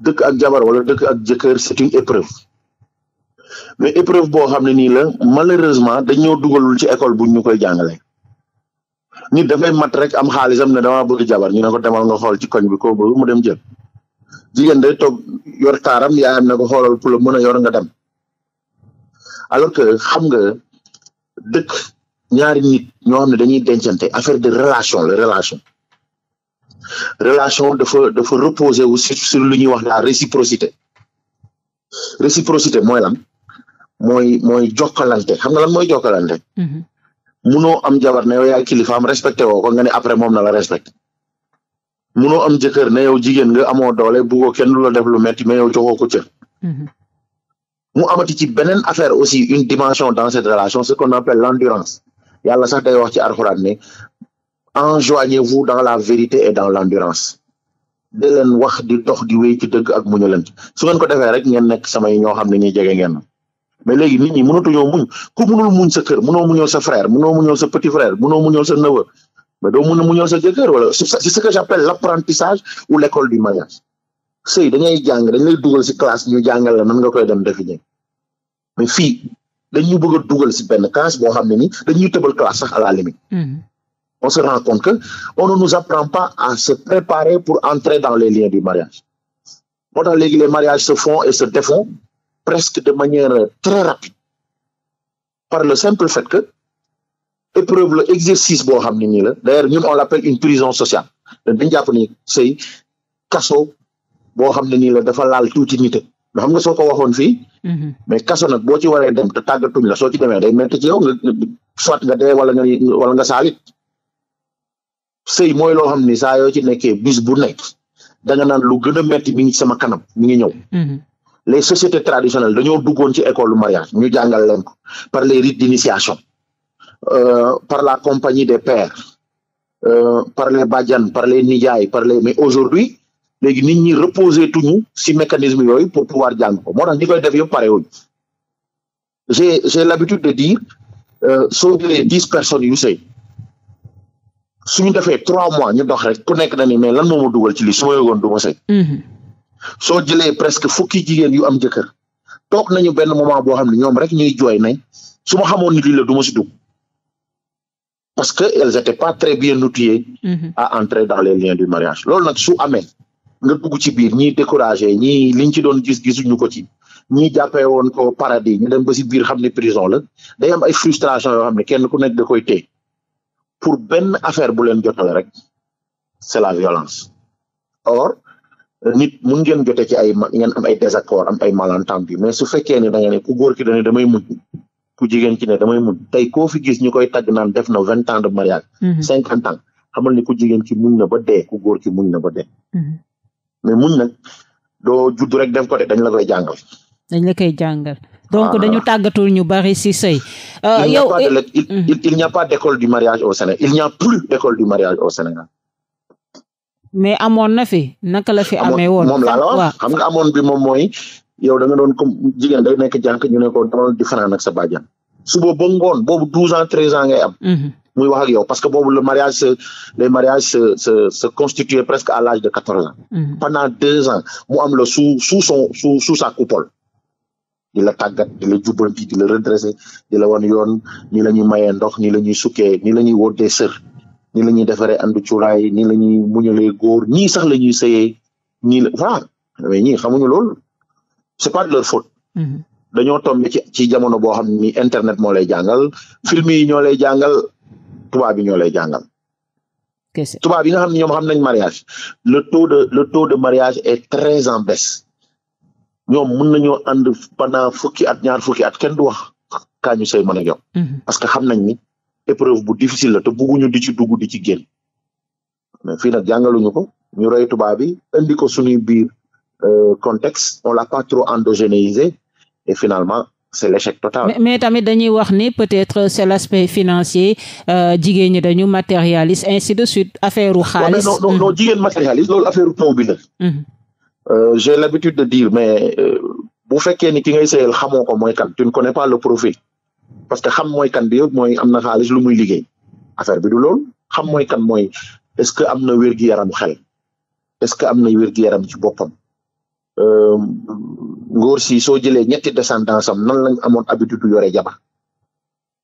dëkk ak jabar wala dëkk ak jëkkër c'est une épreuve boo xam ne nii la malheureusement dañoo dugalul ci école bu ñu koy jàngale nit dafay mat rek am xaalisam ne damaa bëgg jabar ñu ne ko demal nga xool ci koñ bi ko bëgg mu dem jël jigéen day toog yor taaram yaayam ne ko xoolal ku la mën a yor nga dem alors que xam nga dëkk ñaari nit ñoo xam ne dañuy dencante affaire de relation la relation relation dafa dafa reposer wu sur lu ñuy wax la réciprocité réciprocité mooy lan mooy mooy jokalante xam nga lan mooy jokkalante. Mhm. munoo am jabar ne yow yaay kilifaam respecté woo ko nga ne après moom na la respecté. munoo am jëkkër ne yow jigéen ga amoo doole buggoo kenn du la def lu metti mais yow joxoo ko cër mm-hmm. mu amati ci beneen affaire aussi une dimension dans cette relation ce qu'on appelle l'endurance yàlla sax day wax ci alxuraan ne enjoignez-vous dans la vérité et dans l'endurance di leen wax di dox di wéy ci dëgg ak muñu leen su ngeen ko defee rek ngeen nekk samay ñoo xam ne ñuy jege ngeen mais léegi nit ñi mënatuñoo muñ ku mënul muñ sa kër mënoo muñoo sa frère mënoo muñoo sa petit frère mënoo muñoo sa neveu mais doo mun a muñal sa wala c'est ce que j'appelle l'apprentissage ou l'école du mariage sëy dañuy jàng dañ lay dugal si classe ñu jàngal la nan nga koy dem définir mais fii dañu bëgg a dugal si benn classe boo xam ne ni dañuy tëbal classe sax à la limite mm-hmm. on se rend compte que on a nous apprend pas à se préparer pour entrer dans les liens du mariage moo tax léegi les se font et se défont presque de manière très rapide par le simple fait que épreuve la exercice boo xam ne nii la d'ailleurs ñun on l'appelle une prison ni sëy kaso boo xam ne nii la dafa laal tuuti nga soo waxoon fii. Mhm. mais kaso nag boo ci waree dem te tàggatuñ la soo ci demee day métti ci yow nga soit nga dee wala nga saalit sëy mooy loo xam ni saa yoo ci nekkee bis bu nekk da naan lu gën a métti mi ngi sama kanam mi ngi ñëw. Mhm. les sociétés traditionnelles dañoo duggoon ci école mariage ñu jàngal leen ko par les rites d'initiation Euh, par la compagnie des pères euh, par les bajjan par les nijaay par les mais aujourd'hui léegi nit ñi reposer tuñu si mécanisme yooyu pour pouvoir jàng ko moo tax ñi koy def yëpp pare wuñu j'ai j'ai l'habitude de dire euh, soo jëlee dix personnes yu sëy suñu defee trois mois ñu dox rek ku nekk na ni mais lan moo ma dugal ci lii su ma yëgoon du ma sëy mm-hmm. soo jëlee presque fukki jigéen yu am jëkkër toog nañu benn moment boo xam ne ñoom rek ñuy jooy ne su ma xamoon ni lii du ma si dugg parce que elles étaient pas très bien outillées mmh. à entrer dans les liens du mariage loolu nag su amee nga dugg ci biir ñi découragé ñi liñ ci doon gis gisuñu ko ci ñi jàppee woon ko paradis ñu dem ba si biir xam ne prison la day am ay frustration yoo xam ne kenn ku nekk da koy téye pour benn affaire bu leen jotale rek c'est la violence or nit mun ngeen jote ci ay ngeen am ay désaccord am ay malentendu mais su fekkee ne da nga ne ku góor ki muñ ku jigéen ci ne damay muñ tey koo fi gis ñu koy tagg naan def na vingt ans de mariage mm-hmm. cinquante ans xamal ni ku jigéen ci muñ na ba dee ku góor ci muñ na ba dee mm-hmm. mais muñ nag doo judd rek def ko de dañ la koy jàngal dañ la koy jàngal donc ah. dañu tàggatul ñu bari si sëy euh, yow euh, mm-hmm. il n'y a pas d'école du mariage au Sénégal il n'y a plus d'école du mariage au Sénégal mais amoon na fi naka la fi amee woon moom laa la xam nga amoon bi moom mooy yow da nga doon comme jigéen day nekk jànk ñu ne ko dama di sa bàjjan suba ba ngoon boobu douze ans treize ans ngay am mm-hmm. muy wax ak parce que boobu le mariage se les mariages se se se presque à l'âge de quatorze ans mm-hmm. pendant deux ans mu am la sous sous son sous sous sa coupole di la tàggat di la jubbanti di la redresser di la wan yoon nii la ñuy mayee ndox ni la ñuy sukkee nii la ñuy woddee sër nii la ñuy defaree andu cuuraay nii la ñuy muñalee góor ñii sax la ñuy sëyee ñii la voilà mais ñii xamuñu loolu c'est pas de leur faute. Mm-hmm. dañoo tombé ci ci jamono boo xam ni internet moo lay jàngal film yi ñoo lay jàngal tubaab yi ñoo lay jàngal. tubaab yi nga xam ne ñoom xam nañ mariage le taux de le taux de mariage est très en baisse ñoom mën nañoo ànd pendant fukki at ñaar fukki at kenn du wax kaa ñu sëy mën a yow mm-hmm. que xam nañ ni épreuve bu difficile la te bugguñu di ci dugg di ci génn mais fii nag jàngaluñu ko ñu roy tubaab yi indi ko suñuy biir euh, contexte on l'a pas trop endogénéisé et finalement c'est l'échec total. mais, tamit dañuy wax ni peut-être c'est l'aspect financier euh, jigéen ñi dañu matérialiste ainsi de suite affaire u xaalis. non non non mhm. jigéen loolu affaire u taw bi mhm. euh, de dire mais euh, bu fekkee ni ki ngay sëyal xamoo ko mooy kan tu ne pas le profil parce que xam mooy kan bi yëpp am na xaalis lu muy liggéey affaire bi du xam mooy kan mooy est-ce que am na wér-gu-yaram xel est-ce que am na wér yaram ci boppam ngóor euh, si soo jëlee ñetti descendance am nan lañ amoon habitude yore jabar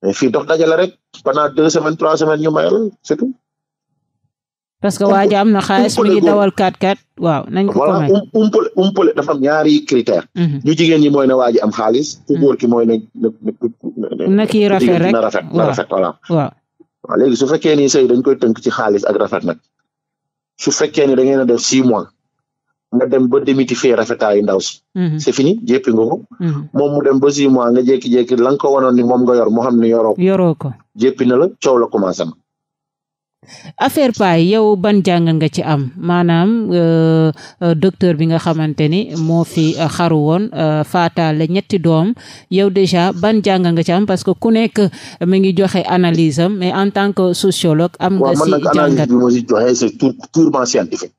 mais fii dox dajale rek pendant deux semaines trois semaines ñu mayal c'est tout. parce que waa am na xaalis mi ngi dawal 4-4 waaw nañ ko voilà um, umpale umpale dafa am ñaari critère mhm. ñu jigéen ñi mooy ne waa ji am xaalis ku mhm. góor ki mooy na kii rafet rek na rafet na rafet voilà waaw su fekkee ni sëy dañ koy tënk ci xaalis ak rafet nag su fekkee ni da ngeen a def six mois nga dem ba démythifier rafetaayu ndaw si. Mhm. c'est fini jéppi nga ko. Mhm. moom mu dem ba six mois nga jékki-jékki la nga ko wanoon ni moom nga yor moo xam ne yoroo ko. ko jéppi na la coow la commencé na. affaire Paye yow ban jàng nga ci am maanaam euh, euh docteur bi nga xamante ni moo fi euh, xaru woon uh, faataale ñetti doom yow déjà ban jàng nga ci am parce que ku nekk mi ngi joxe analyse am mais en tant que sociologue. am nga si analyse bi ma si joxe c'est tout purement scientifique.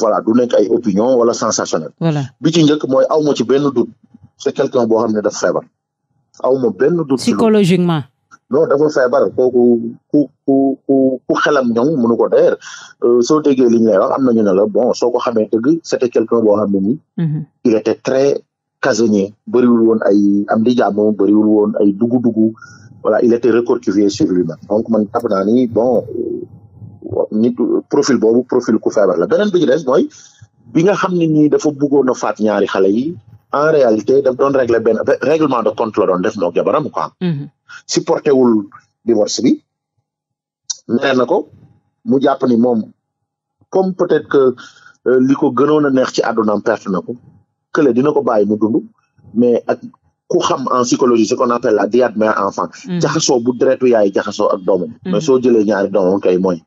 voilà du nekk ay opinion wala sensationnel bi ci njëkk mooy awma ci benn doute c'est quelqu'un boo xam ne daf feebar awma benn doute psychologiquement non dafa feebar kooku ku ku ku ku xelam ñoom mënu ko deer euh, soo déggee li ñu lay wax am nañu ne la bon soo ko xamee dëgg c'était quelqu'un boo xam ne nii mm-hmm. il était très casanier bëriwul woon ay am di jàmm bëriwul woon dugu-dugu voilà il était recroquevillé sur lui-même donc man tàpp bon nit profil boobu profil ku feebar la beneen bi ñu des mooy bi nga xam ne nii dafa bëggoon a faat ñaari xale yi en réalité daf doon régler benn règlement de compte la doon def moo jabaram quoi. Mm-hmm. supporté wul divorce bi. nee na ko mu jàpp ni moom comme peut-être que euh, li ko gënoon a neex ci àddunaam perte na ko kële dina ko bàyyi mu dund mais ku xam en psychologie ce qu'on appelle la dyade mère enfant mm. jaxasoo bu deretu yaay jaxasoo ak doomam mm. mais soo jëlee ñaari doomam kay mooy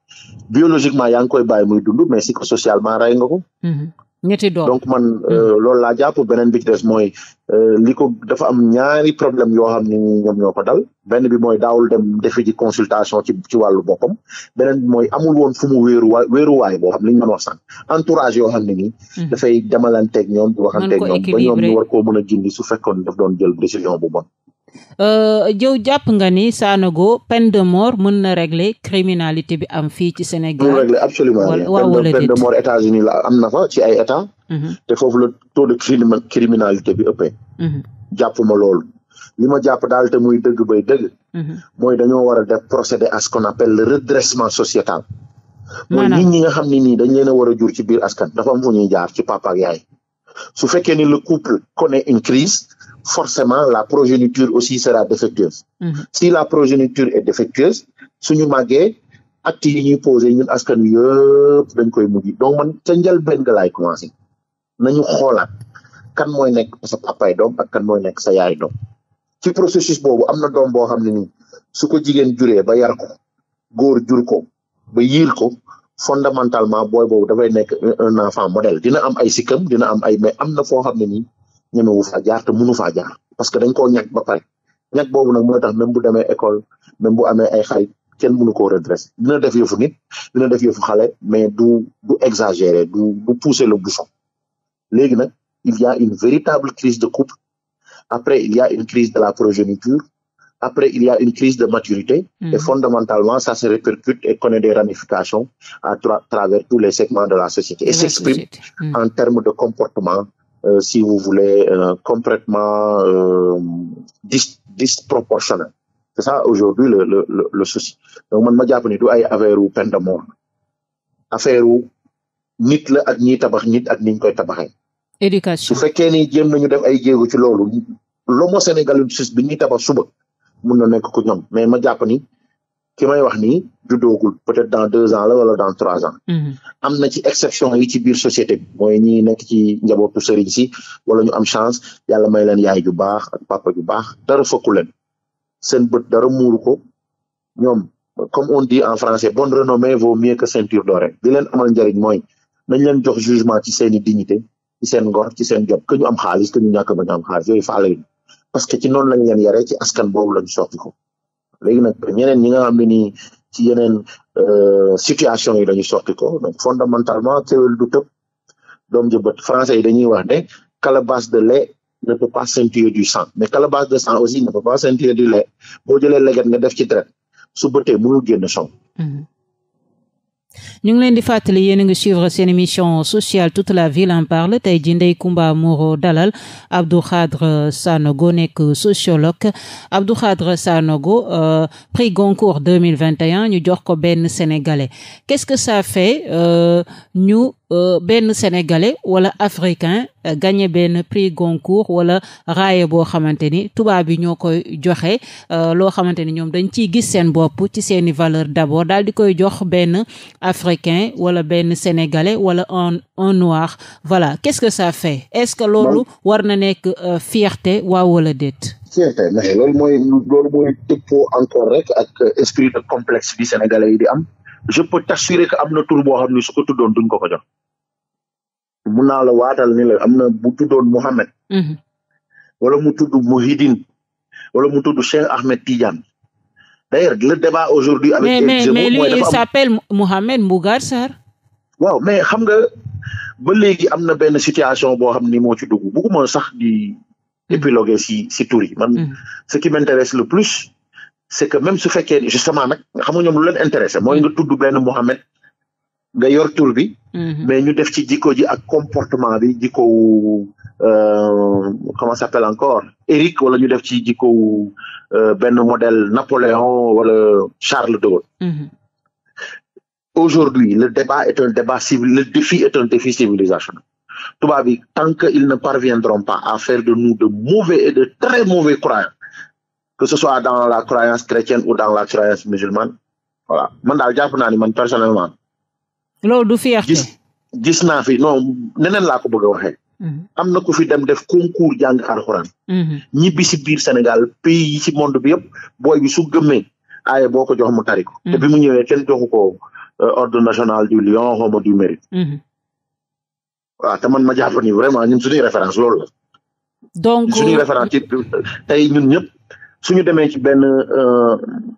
biologiquement yaa koy bàyyi muy dund mais psychosocialement rey nga ko mm-hmm. ñetti doom donc man hmm. euh, loolu laa jàpp beneen bi ci mooy euh, li ko dafa am ñaari problème yoo xam ni ñoom ñoo ko dal benn bi mooy daawul dem defi ji consultation ci ci wàllu boppam beneen bi mooy amul woon fu mu wéeruwaay wéeruwaay boo xam li ñu mën wax sànq entourage yoo xam ne nii hmm. dafay demalanteeg ñoom di waxanteeg ñoom ba ñoom ñu war koo mën a gindi su fekkoon daf doon jël décision bu bon jëw euh, jàpp nga ni Sanogo peine de mort mën na régler criminalité bi am fii ci Sénégal. mën régler absolument waaw wala peine de mort États-Unis la am na fa ci ay état. Mhm. te foofu la taux de criminalité bi ëppee. Mhm. jàpp ma loolu. li ma jàpp daal te muy dëgg bay dëgg. Mhm. mooy dañoo war a def procéder a a askan dafa am fu ñuy jaar ci papa yaay. su fekkee ni le couple connaît une crise forcément la progéniture aussi sera défectueuse. Mm -hmm. Si la progéniture est défectueuse suñu màggee actes yi ñuy posé ñun askan wi yëpp dañ koy mujj donc man ca njëlbéen nga laay commencé nañu xoolaat kan mooy nekk sa papaay ak kan mooy nekk sa yaay doom ci processus boobu am na doom boo xam ne nii su ko jigéen juree ba yar ko góor jur ko ba yiir ko fondamentalement booy boobu dafay nekk un enfant modèle dina am ay sikkam dina am ay mais am na foo xam ne nii ñemewu faa jaar te a faa jaar parce que dañ koo ñàkk ba pare ñàkk boobu nag mooy tax même bu demee école même bu amee ay xarit kenn mënu koo redressé dina def yëfu nit dina def yëfu xale mais du du exagérer du du pousser le bouchon il y a une véritable crise de couple après il y a une crise de la progéniture après il y a une crise de maturité mm-hmm. et fondamentalement ça se répercute et connaît des ramifications à travers tous les segments de la société et s'exprime mm. Euh, si vous voulez, euh, complètement euh, dis disproportionnel. C'est ça aujourd'hui le, le, le, le souci. man ma jàpp ni du ay affaire wu peine de affaire wu nit la ak ñiy tabax nit ak niñ koy tabaxee. éducation su fekkee ni na ñu def ay jéego ci loolu l'homo sénégalais bi ñuy tabax suba mun na nekk ku ñoom mais ma jàpp ni ki may wax nii juddoogul peut-être dans deux ans la wala dans trois ans. Mm-hmm. am na ci exception yi ci biir société bi. mooy ñi nekk ci njabootu sëriñ si wala ñu am chance yàlla may leen yaay ju baax ak papa ju baax dara fëkku leen seen bët dara muuru ko ñoom comme on di en français bonne renommée vaut mieux que ceinture dorée. di leen amal njëriñ mooy nañ leen jox jugement ci seen i dignité ci seen ngor ci seen jot que ñu am xaalis que ñu ñàkk ba ñu am xaalis yooyu faale parce que ci noonu lañ leen yaree ci askan boobu lañ sotti ko. léegi nag ñeneen ñi nga xam ne nii ci yeneen euh, situation yi lañu sorti ko donc fondamentalement kéwél du tëb doom jëbët français yi dañuy wax ne calebasse de lait ne peut pas ceinturer du sang mais calebasse de sang aussi ne peut pas ceinturer du lait boo jëlee leget nga def ci traite su bëtee mënul génn song mm-hmm. ñu ngi leen di fàttali yéen a ngi suivre seen émission sociale toute la ville en parle tey jii Ndeye Comba Moreau dalal Abdou Khadre Sanogo nekk sociologue Abdou Khadre Sanogo euh, prix Goncourt 2021 ñu jox ko benn sénégalais qu'est-ce que ça fait euh, ñu Euh, benn sénégalais wala africain euh, gagné benn prix Goncourt wala raaye boo xamante ni tubaab yi ñoo koy joxe euh, loo xamante ni ñoom dañ ciy gis seen bopp ci seeni valeur d'abord daal di koy jox benn africain wala benn sénégalais wala un un noir voilà qu'est-ce que ça fait est-ce que loolu war na nekk fierté waaw wala déet fierté mais loolu mooy loolu encore rek ak esprit de complexe sénégalais yi di am je peux t'assurer que am tur boo xam ni su ko duñ ko ko jox mun naa la waatal ni la am na bu tuddoon mhm. wala mu tudd Mouhidine wala mu tudd Cheikh Ahmed Tidiane d'ailleurs le débat aujourd'hui avec mais mais il s'appelle Mohamed Mbougar Sarr waaw mais xam nga ba léegi am na benn situation boo xam ni moo ci dugg bugguma sax di mhm. épiloguer si si tur man mhm. ce qui le plus c'est que même su fekkee ni justement nag xam nga ñoom lu leen intéressé mooy nga tudd benn Mohamed nga yor tur bi. Mm-hmm. mais ñu def ci jikko ji ak comportement bi jikko euh comment s'appelle encore Éric wala ñu def ci jikko euh, benn modèle Napoléon wala Charles de Gaulle. Mm-hmm. aujourd'hui le débat est un débat civil le défi est un défi civilisationnel tubaab tant qu'ils ne parviendront pas à de nous de mauvais et de très mauvais croyants que ce soit dans la croyance chrétienne ou dans la croyance musulmane voilà man daal naa ni man personnellement. loolu du fierté gis gis fi non neneen laa ko a waxee. Mhm. am na ku fi dem def concours jàng alxuraan. Mhm. ñibbi si biir Sénégal pays yi ci monde bi yëpp booy bi su gëmmee aaye bo ko jox mu tari ko. Mhm. te bi mu ñëwee kenn euh, ordre national du lion xawma du mérite. waaw te ma jàpp ni vraiment ñun suñuy référence loolu la. donc suñuy référence ci tey ñun suñu demee ci benn euh,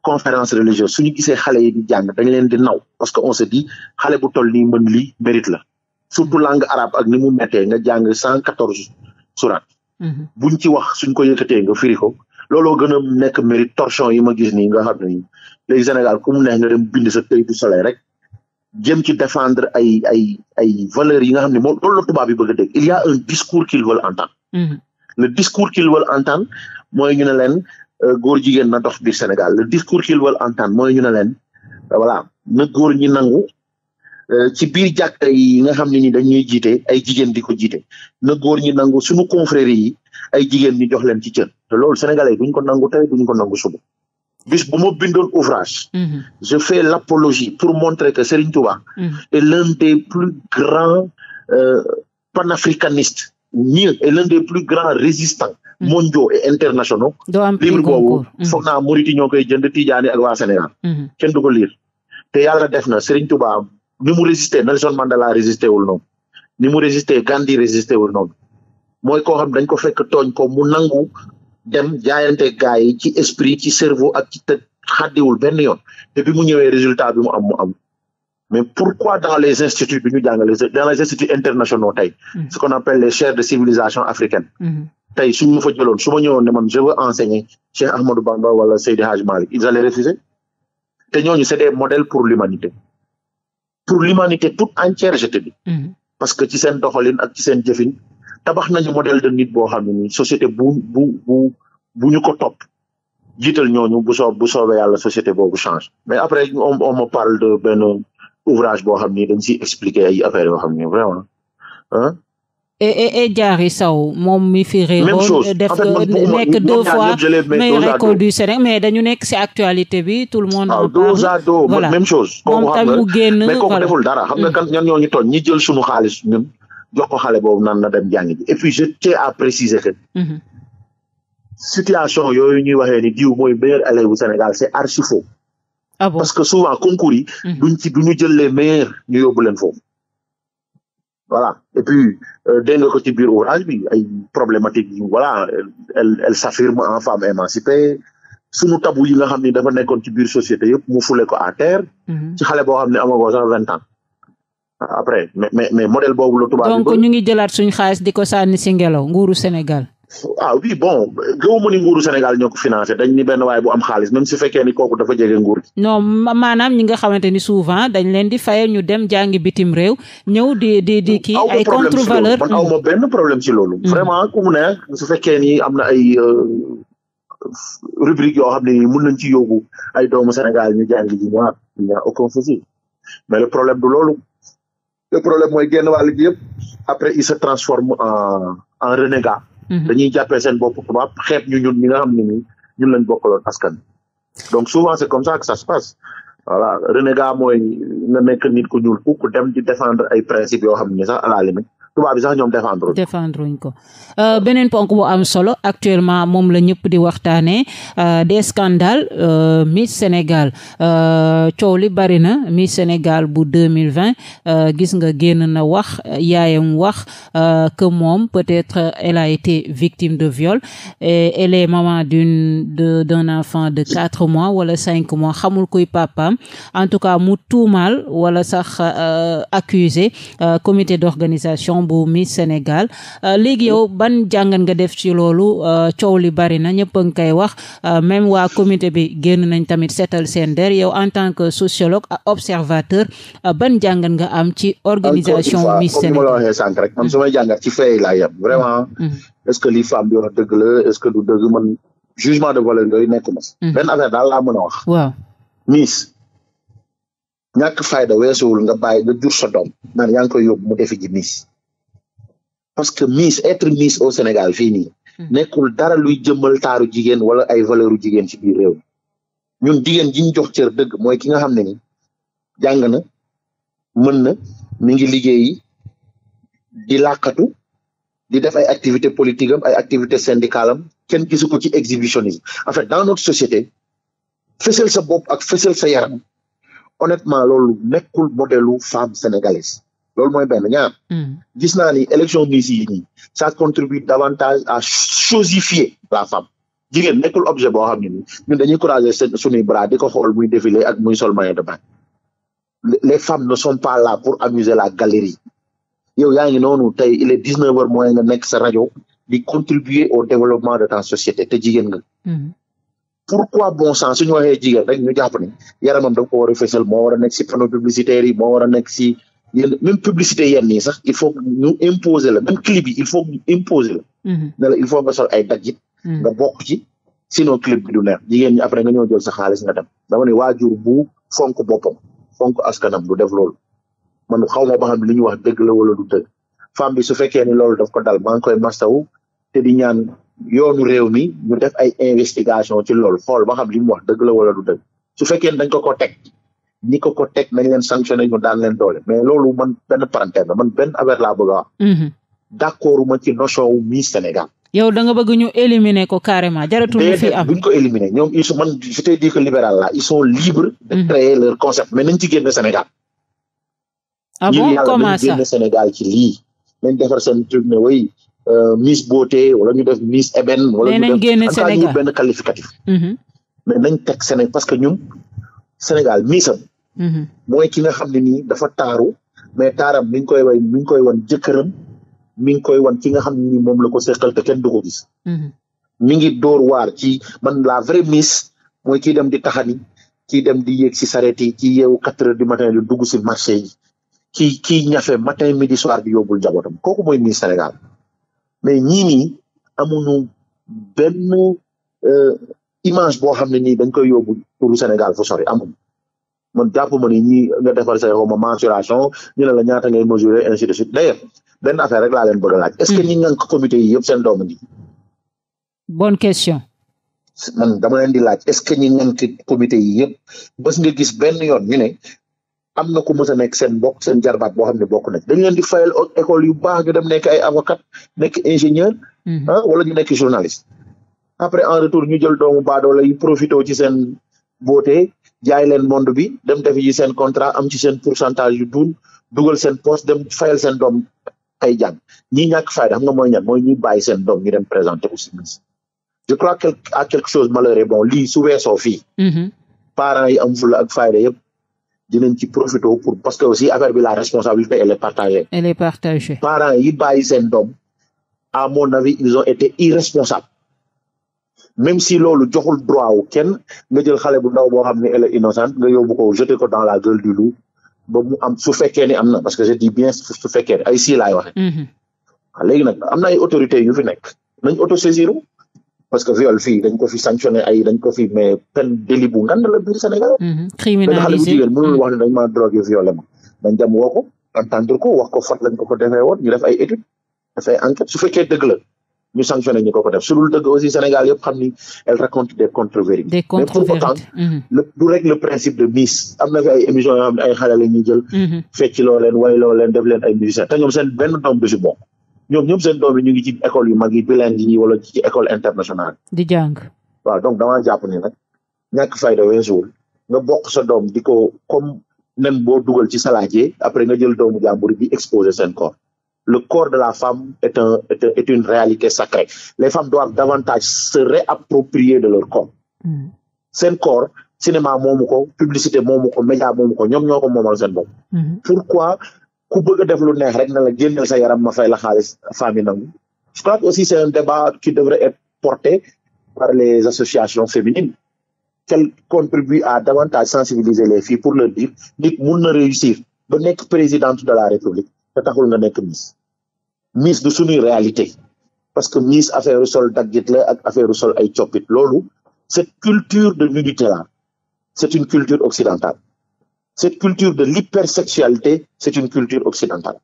conférence religieuse suñu gisee xale yi di dañ leen di naw parce que on se dit xale bu toll nii mën lii mérite la surtout langue arabe ak ni mu méttee nga jàng cent quatorze surat mm-hmm. buñ ci wax suñ ko yëkkatee nga firi ko looloo gën a nekk mérite torchon yi ma gis nii nga xam ne léegi Sénégal ku mu neex nga dem bind sa këy du soleil rek jëm ci défendre ay ay ay valeurs yi nga xam ne moom loolu tubaab yi ba a dégg il y a un discours qu'ils veulent entendre mm-hmm. le discours qu'ils veulent entendre mooy leen Euh, góor jigéen na dox biir Sénégal le discours qu'ils veulent entendre mooy ñu ne leen voilà na góor ñi nangu euh, ci biir jàkka yi nga xam ne ni dañuy jiite ay jigéen di ko jiite na góor ñi nangu suñu confrérie yi ay jigéen ñi jox len ci cër te lol sénégalais duñ ko nangu tey duñ ko nangu suba bis bu ma bindoon ouvrage mm-hmm. je fais l'apologie pour montrer que Serigne Touba mm-hmm. est l'un des plus grands euh, panafricanistes mieux est l'un des plus grands résistants Mm. mondiaux et internationaux livre boobu mm. foog naa murit yi ñoo koy jënd tijaani ak waa Sénégal mm-hmm. kenn du ko lire te yàlla def na Serigne Touba ni mu résister Nelson Mandela résister wul noonu ni mu résister Gandhi résister wul noonu mooy koo xam dañ ko fekk tooñ ko mu nangu dem jaayante gars yi ci esprit ci cerveau ak ci tëj xaddiwul benn yoon te bi mu ñëwee résultat bi mu am mu am mais pourquoi dans les instituts du ñu jàngale dans les instituts internationaux tey mm-hmm. ce qu'on appelle les chaires de civilisation africaine mm-hmm. tey suñ ma fa jëloon su ma ñëwoon ne man je veux enseigner Cheikh Ahmadou Bamba wala Seydi Hadj Malick ils allaient refuser te ñooñu c'est des modèles pour l'humanité pour l'humanité tout entière je mm-hmm. parce que ci seen doxalin ak ci seen jëfin tabax nañu modèle de nit boo xam ne nii société bu bu bu bu ñu ko topp jiital ñooñu bu soo bu soobee yàlla société boobu change mais après on on me parle de benn ouvrage boo xam ni dañ siy expliquer ay affaires yoo xam ni vraiment ah et et Diary Sow moom mi fi réewoon euh, def nekk deux fois mais dañu nekk ci actualité bi tout le monde en ah, parle voilà même chose moom tam mu génn mais kooku deful dara mm. ñan ñoo ñu tooñ ñi jël suñu xaalis ñun jox ko xale boobu naan na dem jàngi ji et puis je tiens à préciser que mm-hmm. situation yooyu ñuy waxee ni diw mooy meilleur élève bu Sénégal c'est archi faux ah bon parce que souvent concours yi mm-hmm. duñ ci duñu ñu yóbbu leen foofu voilà et puis euh, dégg nga ko bi ay problématique yi voilà elle elle s'affirme en femme émancipée sunu tabu yi nga xam ni dafa nekkoon ci biir société yëpp mu fule ko à terre. Mhm. ci xale boo xam ne o sax vingt ans. après mais mais modèle boobu la tubaab donc ñu ngi jëlaat suñu xaalis di ko sànni si ngelaw nguuru Sénégal. ah oui bon gëwuma ni nguuru Sénégal ñoo ko financé dañ ni benn waaye bo am xaalis même su fekkee ni kooku dafa jege nguur gi. non maanaam ñi nga xamante ni souvent dañ leen di faye ñu dem jàngi bitim réew ñëw di di di kii ay contre-valeur aw ma benn problème ci loolu mm. vraiment ku mu ne su fekkee am na ay euh, rubrique yoo xam ne mën nañ ci yóbbu ay doomu Sénégal ñu jàngi ji ñëwaat il n'y a problème du loolu le problème mooy génn wàll gi yëpp après il se transforme en en renégat Mm-hmm. dañuy jàppee seen bopp tubaab xeeb ñu ñun ñi nga xam ne ni ñun lañ bokkaloon askan donc souvent c'est comme ça que ça se passe voilà renégat mooy nga nekk nit ku ñuul ku dem di defendre ay principes yoo xam ne sax à la limite tubaab bi wuñ ko euh, beneen ponk bu am solo actuellement moom la ñëpp di waxtaanee euh, des scandales euh, Miss Sénégal coow li bari na Miss Sénégal bu deux mille vingt gis nga génn na wax yaayam wax que moom peut-être elle a été victime de viol et elle est maman d'une de d'un enfant de quatre mois wala cinq mois xamul koy papam en tout cas mu tout tuumaal wala sax accusé comité d'organisation bu Miss Sénégal euh, léegi yow ban jàngat nga def ci loolu euh, coow li bari na ñëpp a koy wax euh, même waa comité bi génn nañ tamit seetal seen der yow en tant que sociologue observateur ban jàngat nga am ci organisation Miss Sénégal sànq rek man su may jàngat ci fay laa yem vraiment mm-hmm. Mm-hmm. est-ce que li femme bi wax dëgg la que du dëgg man jugement de valeur yooyu nekk na mm-hmm. affaire daal laa mën a wax waaw Miss ñàkk fayda weesuwul nga bàyyi nga jur sa naan yaa ngi koy yóbbu mu defi parce que Miss être Miss au Sénégal fii nii hmm. nekkul dara luy jëmmal taaru jigéen wala ay valeuru jigéen ci biir réew ñun jigéen ji jox cër dëgg mooy ki nga xam ne ni jàng na mën na mi ngi liggéeyi di làkkatu di def ay activité politique am ay activité syndicale am kenn gisu ko ci exhibitionnisme en fait dans notre société fësal sa bopp ak fësal sa yaram honnêtement loolu nekkul modèlu femme sénégalaise loolu mooy benn ñaar. Hmm. gis naa ni élection Miss yi nii ça contribue davantage à chosifier la femme. jigéen nekkul objet boo xam ne nii ñun dañuy couragé suñuy bras di ko xool muy défilé ak muy sol de bain les femmes ne sont pas là pour amuser la galerie yow yaa ngi noonu tey il est dix neuf heures moins nga nekk sa rajo di contribuer au développement de ta société te jigéen nga. Hmm. pourquoi bon sang su ñu waxee jigéen rek ñu jàpp ni yaramam da ko war a a a nekk si même publicité yenn yi sax il faut que ñu imposer la même clip yi il faut que ñu imposer la. Mhm. ne la il faut nga sol ay daggit mhm. nga bokk ci sinon clip bi du neex jigéen ñi après nga ñëw jël sa xaalis nga dem dama ne waajur bu fonk boppam fonk askanam du def loolu man xaw ma ba xam li ñu wax dëgg la wala du dëgg femme bi su fekkee ni loolu daf ko dal maa ngi koy mastawu te di ñaan yoonu réew mi ñu def ay investigation ci lool xool ba xam li mu wax dëgg la wala du dëgg su fekkee dañ ko ko ñi ko ko teg nañ leen sanctionné ñu daan leen doole mais loolu man benn parenthèse la man benn affaire laa bëgg a mhm. ci notion wu Miss yow da nga bëgg ñu éliminer ko carrément jaratul ñu fi am. buñ ko éliminer ñoom ils sont man je te de mhm. créer leur concept mais nañ ci génne Sénégal. ah bon comment ça ñi yàlla lii. nañ defar seen truc ne oui euh, Miss wala ñu def Miss Ébène. wala ñu def en benn mhm. parce que ñun Sénégal Miss Mm-hmm. mooy ki nga xam ne nii dafa taaru mais taaram mi ngi koy way mi ngi koy wan jëkkëram mi ngi koy wan ki nga xam ne nii moom la ko seqal te kenn du ko mm-hmm. mi ngi door waar ci man la vraie miss mooy kii dem di taxani kii dem di yéeg si sareet yi kii yeewu quatre heures du matin di dugg si marché yi kii kii ñafe matin midi soir di yóbbul njabootam kooku mooy miss Sénégal mais ñii nii amuñu benn euh, image boo xam ne nii dañ koy yóbbu turu Sénégal fu sori amul man jàpp ma ñi nga defar say xawma la ñaata ngay mesurer ainsi de benn affaire rek laa leen bëgg a laaj est-ce que hmm. ñi nga comité yi yëpp seen di laaj est-ce que ñi ngan ci gis benn yoon ñu ne am na ku mës a nekk seen bokk seen jarbaat boo xam ne bokk nañ dañ leen di fayal école yu baax ñu dem nekk ay avocat nekk ingénieur hmm. ah wala ñu nekk journaliste après en retour ñu jël doomu baadoola yi profité ci seen beauté jaay leen monde bi dem defi ji seen contrat am ci seen pourcentage yu duun dugal seen poste dem fayal seen doom ay jàng ñi ñàkk fayda xam nga mooy ñan mooy ñuy bàyyi seen doom ñu dem présenter aussi je crois que à quelque chose malheureux bon lii su weesoo fii mhm. parents yi am fula ak fayda yëpp dinañ ci profité pour parce que aussi affaire bi la responsabilité elle est partagée elle est partagée parents yi bàyyi seen doom à mon avis ils ont été irresponsables même si loolu joxul droit wu ken nga jël xale bu ndaw boo xam ne elle est innocente nga yóbbu ko jeter ko dans la gueule du loup ba mu am su fekkee am na parce que je dis bien su fekkee ne ay si laay waxe waaw mm-hmm. ah, léegi nag am na ay autorités yu fi nekk nañ autosaisir parce que viol fi dañ ko fi sanctionné ay dañ ko fi mais peine délit bu ngand la biir Sénégal. criminalisé mm-hmm. xale bu jigéen mënul mm-hmm. wax ne dañ maa drogué ko entendre ko wax ko fat lañ ko ko defee woon ñu def ay études def ay enquêtes su fekkee dëgg la. ñu sanctionné ñu ko ko def su dul dëgg aussi Sénégal yëpp xam ni elle raconte des contre-vérités. des mhm. du rek le principe de Miss am na fi ay émissions ay xale la jël. Mhm. fecc loo def leen ay musiciens te ñoom seen benn doom du si bokk ñoom ñoom seen doom ñu ngi ci école yu mag yi bilingue wala ci école internationale. di jàng. waaw donc damaa jàpp ni nag ñàkk fayda weesuwul nga bokk sa doom di ko comme boo dugal ci saladier après le corps de la femme est, un, est, est, une réalité sacrée. Les femmes doivent davantage se réapproprier de leur corps. Mm. corps cinéma moomu ko publicité moomu ko média moomu ko ñoom ñoo ko moomal seen bopp. Hmm. pourquoi ku bëgg a neex rek na la génneel sa yaram ma fay la xaalis femme yi nangu. je crois que aussi c'est un débat qui devrait être porté par les associations féminines qu'elles contribuent à davantage sensibiliser les filles pour leur dire nit mun na réussir ba nekk présidente de la république te miis du suñuy réalité parce que miis affaire sol daggit la ak affaire sol ay coppit loolu cette culture de nudité là c'est une culture occidentale cette culture de l'hypersexualité c'est une culture occidentale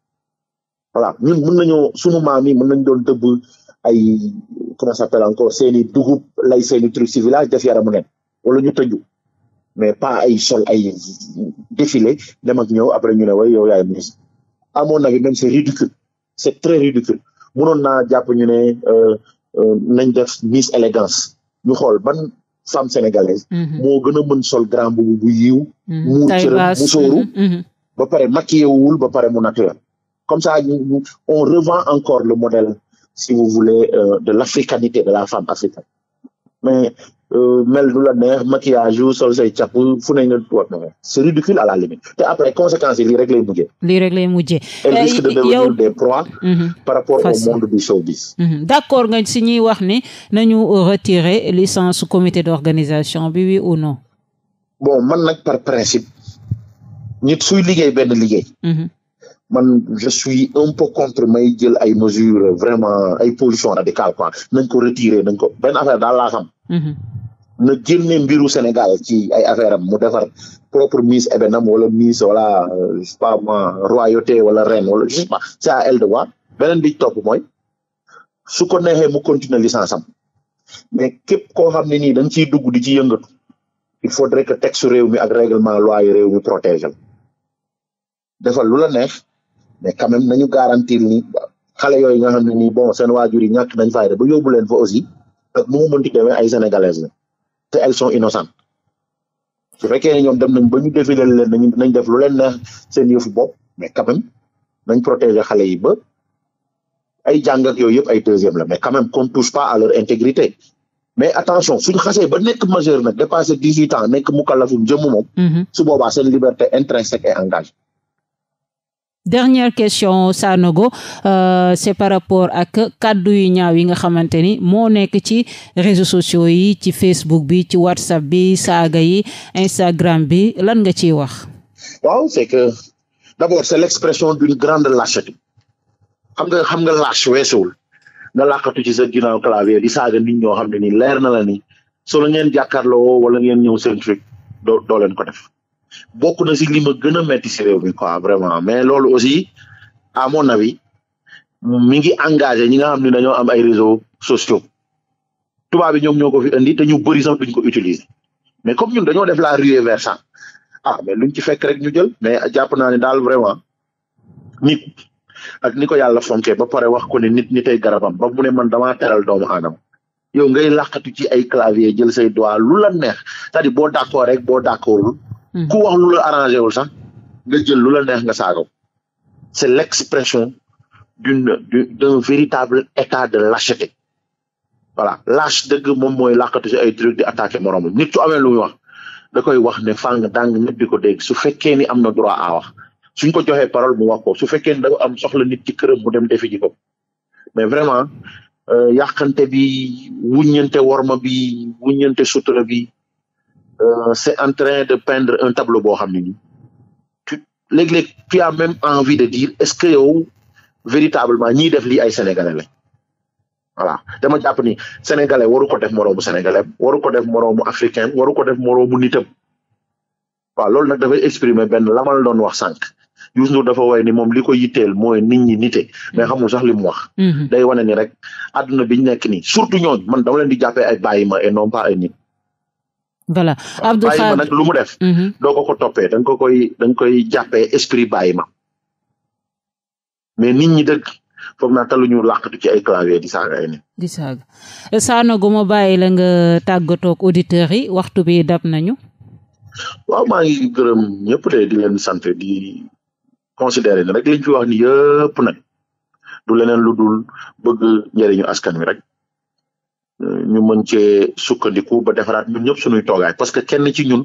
voilà ñun mën nañoo sunu maam yi mën nañ doon dëbb ay comment ça s'appelle dugub lay seeni truc ci village def yaramu nen wala ñu tëju mais pas ay sol ay défilé dem ak ñëw après ñu ne way yow yaay ministre à mon avis même c'est ridicule c'est très ridicule mënoon naa jàpp ñu ne euh, euh, nañ def Miss élégance ñu xool ban femme sénégalaise mhm. moo gën mën sol grand boubou bu yiw muur cëram mu sóoru mhm. Mhm. ba pare maquillé mu naturel comme ça on revend encore le modèle si vous voulez euh, de l'africanité de la femme africaine mais euh, mel du la neex maquillage yu sol say càpp fu ne nga tuwaat na c'est ridicule à la limite te après conséquence yi lii rek lay mujjee. lii rek lay mujjee. elle risque de devenir mhm. par rapport au monde du showbiz. Mhm. d'accord nga si ñuy wax ni nañu euh, retirer licence comité d'organisation bi oui ou non. bon man nag par principe nit suy liggéey ben liggéey. Mhm. man je suis un peu contre may jël ay mesures vraiment ay position radicale quoi nañ ko retirer nañ ko benn affaire daal laa xam. Mhm. na génne mbiru Sénégal ci ay affaire am mu defar propre Miss Ebenam eh wala Miss wala euh, je sais royauté wala reine wala je sais pas c'est à elle de voir beneen mooy su ko neexee mu continuer licence am mais képp koo xam ne nii dañ nga dugg di ci yëngatu il faudrait que texte réew mi ak règlement loi yi mi protéger defal lu la neex mais quand même nañu garantir ni xale yooyu nga xam bon seen waajur yi ñàkk nañ fayda ba yóbbu leen fa aussi ak nu mu mënti demee ay sénégalaises la te elles sont innocentes su fekkee ne ñoom dem nañ ba ñu défilé leen nañ nañ def lu leen neex seen yëfu bopp mais quand même nañ protéger xale yi ba ay jàng ak yooyu yëpp ay deuxième la mais quand même qu'on touche pas à leur intégrité mais attention suñu xasee ba nekk majeur nag dépassé dix huit ans nekk mu kalafum jëmm moom. Mm-hmm. su boobaa seen liberté dernière question Sanogo euh, c'est par rapport ak kàddu yu ñaaw yi nga xamante ni moo nekk ci réseaux sociaux yi ci Facebook bi ci WhatsApp bi saaga yi Instagram bi lan nga ciy wax waaw c'est que d'abord c'est l'expression d'une grande lâcheté xam nga xam nga lâche weesuwul nga làqatu ci sa ginnaaw clavier di saaga nit ñoo xam ne ni leer na la ni solo ngeen jàkkaarloo wala ngeen ñëw seen truc doo doo leen ko def bokk na si li ma gën a metti si réew mi quoi vraiment mais loolu aussi à mon avis mi ngi engagé ñi nga xam ne dañoo am ay réseaux sociaux tubaab bi ñoom ñoo ko fi indi te ñu bëri sax duñ ko utiliser mais comme ñun dañoo def la ruée vers ça ah mais luñ ci fekk rek ñu jël mais jàpp naa ne daal vraiment nit ak ni ko yàlla fonkee ba pare wax ko ne nit ñi tey garabam ba mu ne man damaa teral doomu aadama yow ngay làqatu ci ay clavier jël say doigt lu la neex c'est-à-dire boo rek boo d'accordul Hmm. ku wax lu la arrangé wul sax nga jël lu la neex nga saagaw c'est l'expression d'une d'un véritable état de lâcheté voilà lâche dëgg moom mooy làqatu si ay truc di attaqué moroomam nit su amee lu wax da koy wax ne fàng dang ñëpp di ko dégg su fekkee ni am na droit à wax suñ ko joxee parole mu wax ko su fekkee ni dafa am soxla nit ci këram mu dem defi ji ko mais vraiment euh, yàqante bi wuññante worma bi wuññante sutura bi euh, c'est en train de peindre un tableau boo xam ne nii tu léeg-léeg tu as de dire est-ce que yow véritablement ñiy def lii ay sénégalais lañ voilà dama jàpp ni sénégalais waru ko def moroomu sénégalais waru ko def moroomu africain waru ko def moroomu nitam waaw loolu nag dafay exprimer benn lamal doon wax sànq Youssou Ndour dafa woy ni moom li ko yitteel mooy nit ñi nite mais xamul sax li mu wax mm-hmm. day wane ni rek àdduna biñ nekk nii surtout ñooñ man dama leen di jàppee ay bàyyi ma et voilà Abdou Khadre bàyyi lu mu def. Mhm. doo ko ko da nga ko koy da koy jàppee esprit bàyyi ma mais nit ñi dëgg foog naa taluñu làqatu ci ay clavier di saaga ay di saaga Sanogo ma bàyyi la nga tàggatoo ak auditeurs yi waxtu bi dab nañu. waaw maa ngi gërëm ñëpp de di leen sant di considérer ne rek liñ fi wax ni yëpp du leneen lu dul bëgg njëriñu askan wi rek. ñu mën cee sukkandiku ba defaraat ñun ñëpp suñuy toogaay parce que kenn ci ñun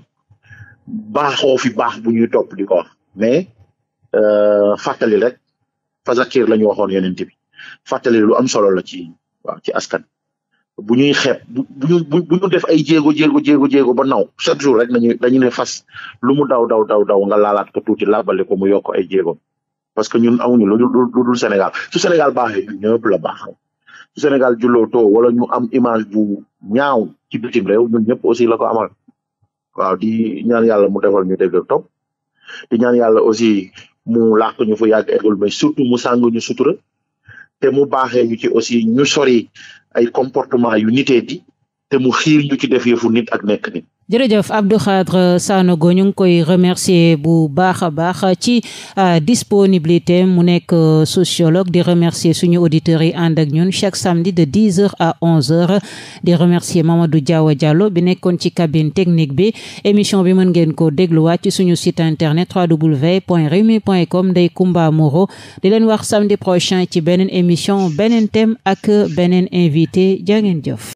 baaxoo fi baax bu ñuy topp di ko wax mais euh, fàttali rek fazakir la ñu waxoon yonent bi fàttali lu am solo la ci waaw ci askan bu ñuy xeeb bu bu bu def ay jéego jéego jéego jéego ba naw chaque jour rek nañu dañu ne fas lu mu daw daw daw daw nga laalaat ko tuuti labale ko mu yokk ay jéego parce que ñun amuñu lu dul Sénégal su Sénégal baaxee ñun la baax Sénégal to wala ñu am image bu ñaaw ci bitim réew ñun ñëpp aussi la ko amal waaw di ñaan yàlla mu defal ñu dégg topp di ñaan yàlla aussi mu làq ñu fu yàgg eggul mais surtout mu sàng ñu sutura te mu baaxee ñu ci aussi ñu sori ay comportement yu nitee di te mu xiir ñu ci def yëfu nit ak nekk nit jërëjëf Abdou Khadre Sanogo ñu ngi koy remercier bu baax a baax ci euh, disponibilité mu nekk euh, sociologue di remercier suñu auditeurs yi ànd ak ñun chaque samedi de 10 heures à 11 heures di remercier Mamadou Diawa Diallo bi nekkoon ci cabine technique bi émission bi mën ngeen ko dégluwaat ci suñu site internet www.rewmi.com Ndeye Comba Moreau di leen wax samedi prochain ci beneen émission beneen thème ak beneen invité jaa ngeen jof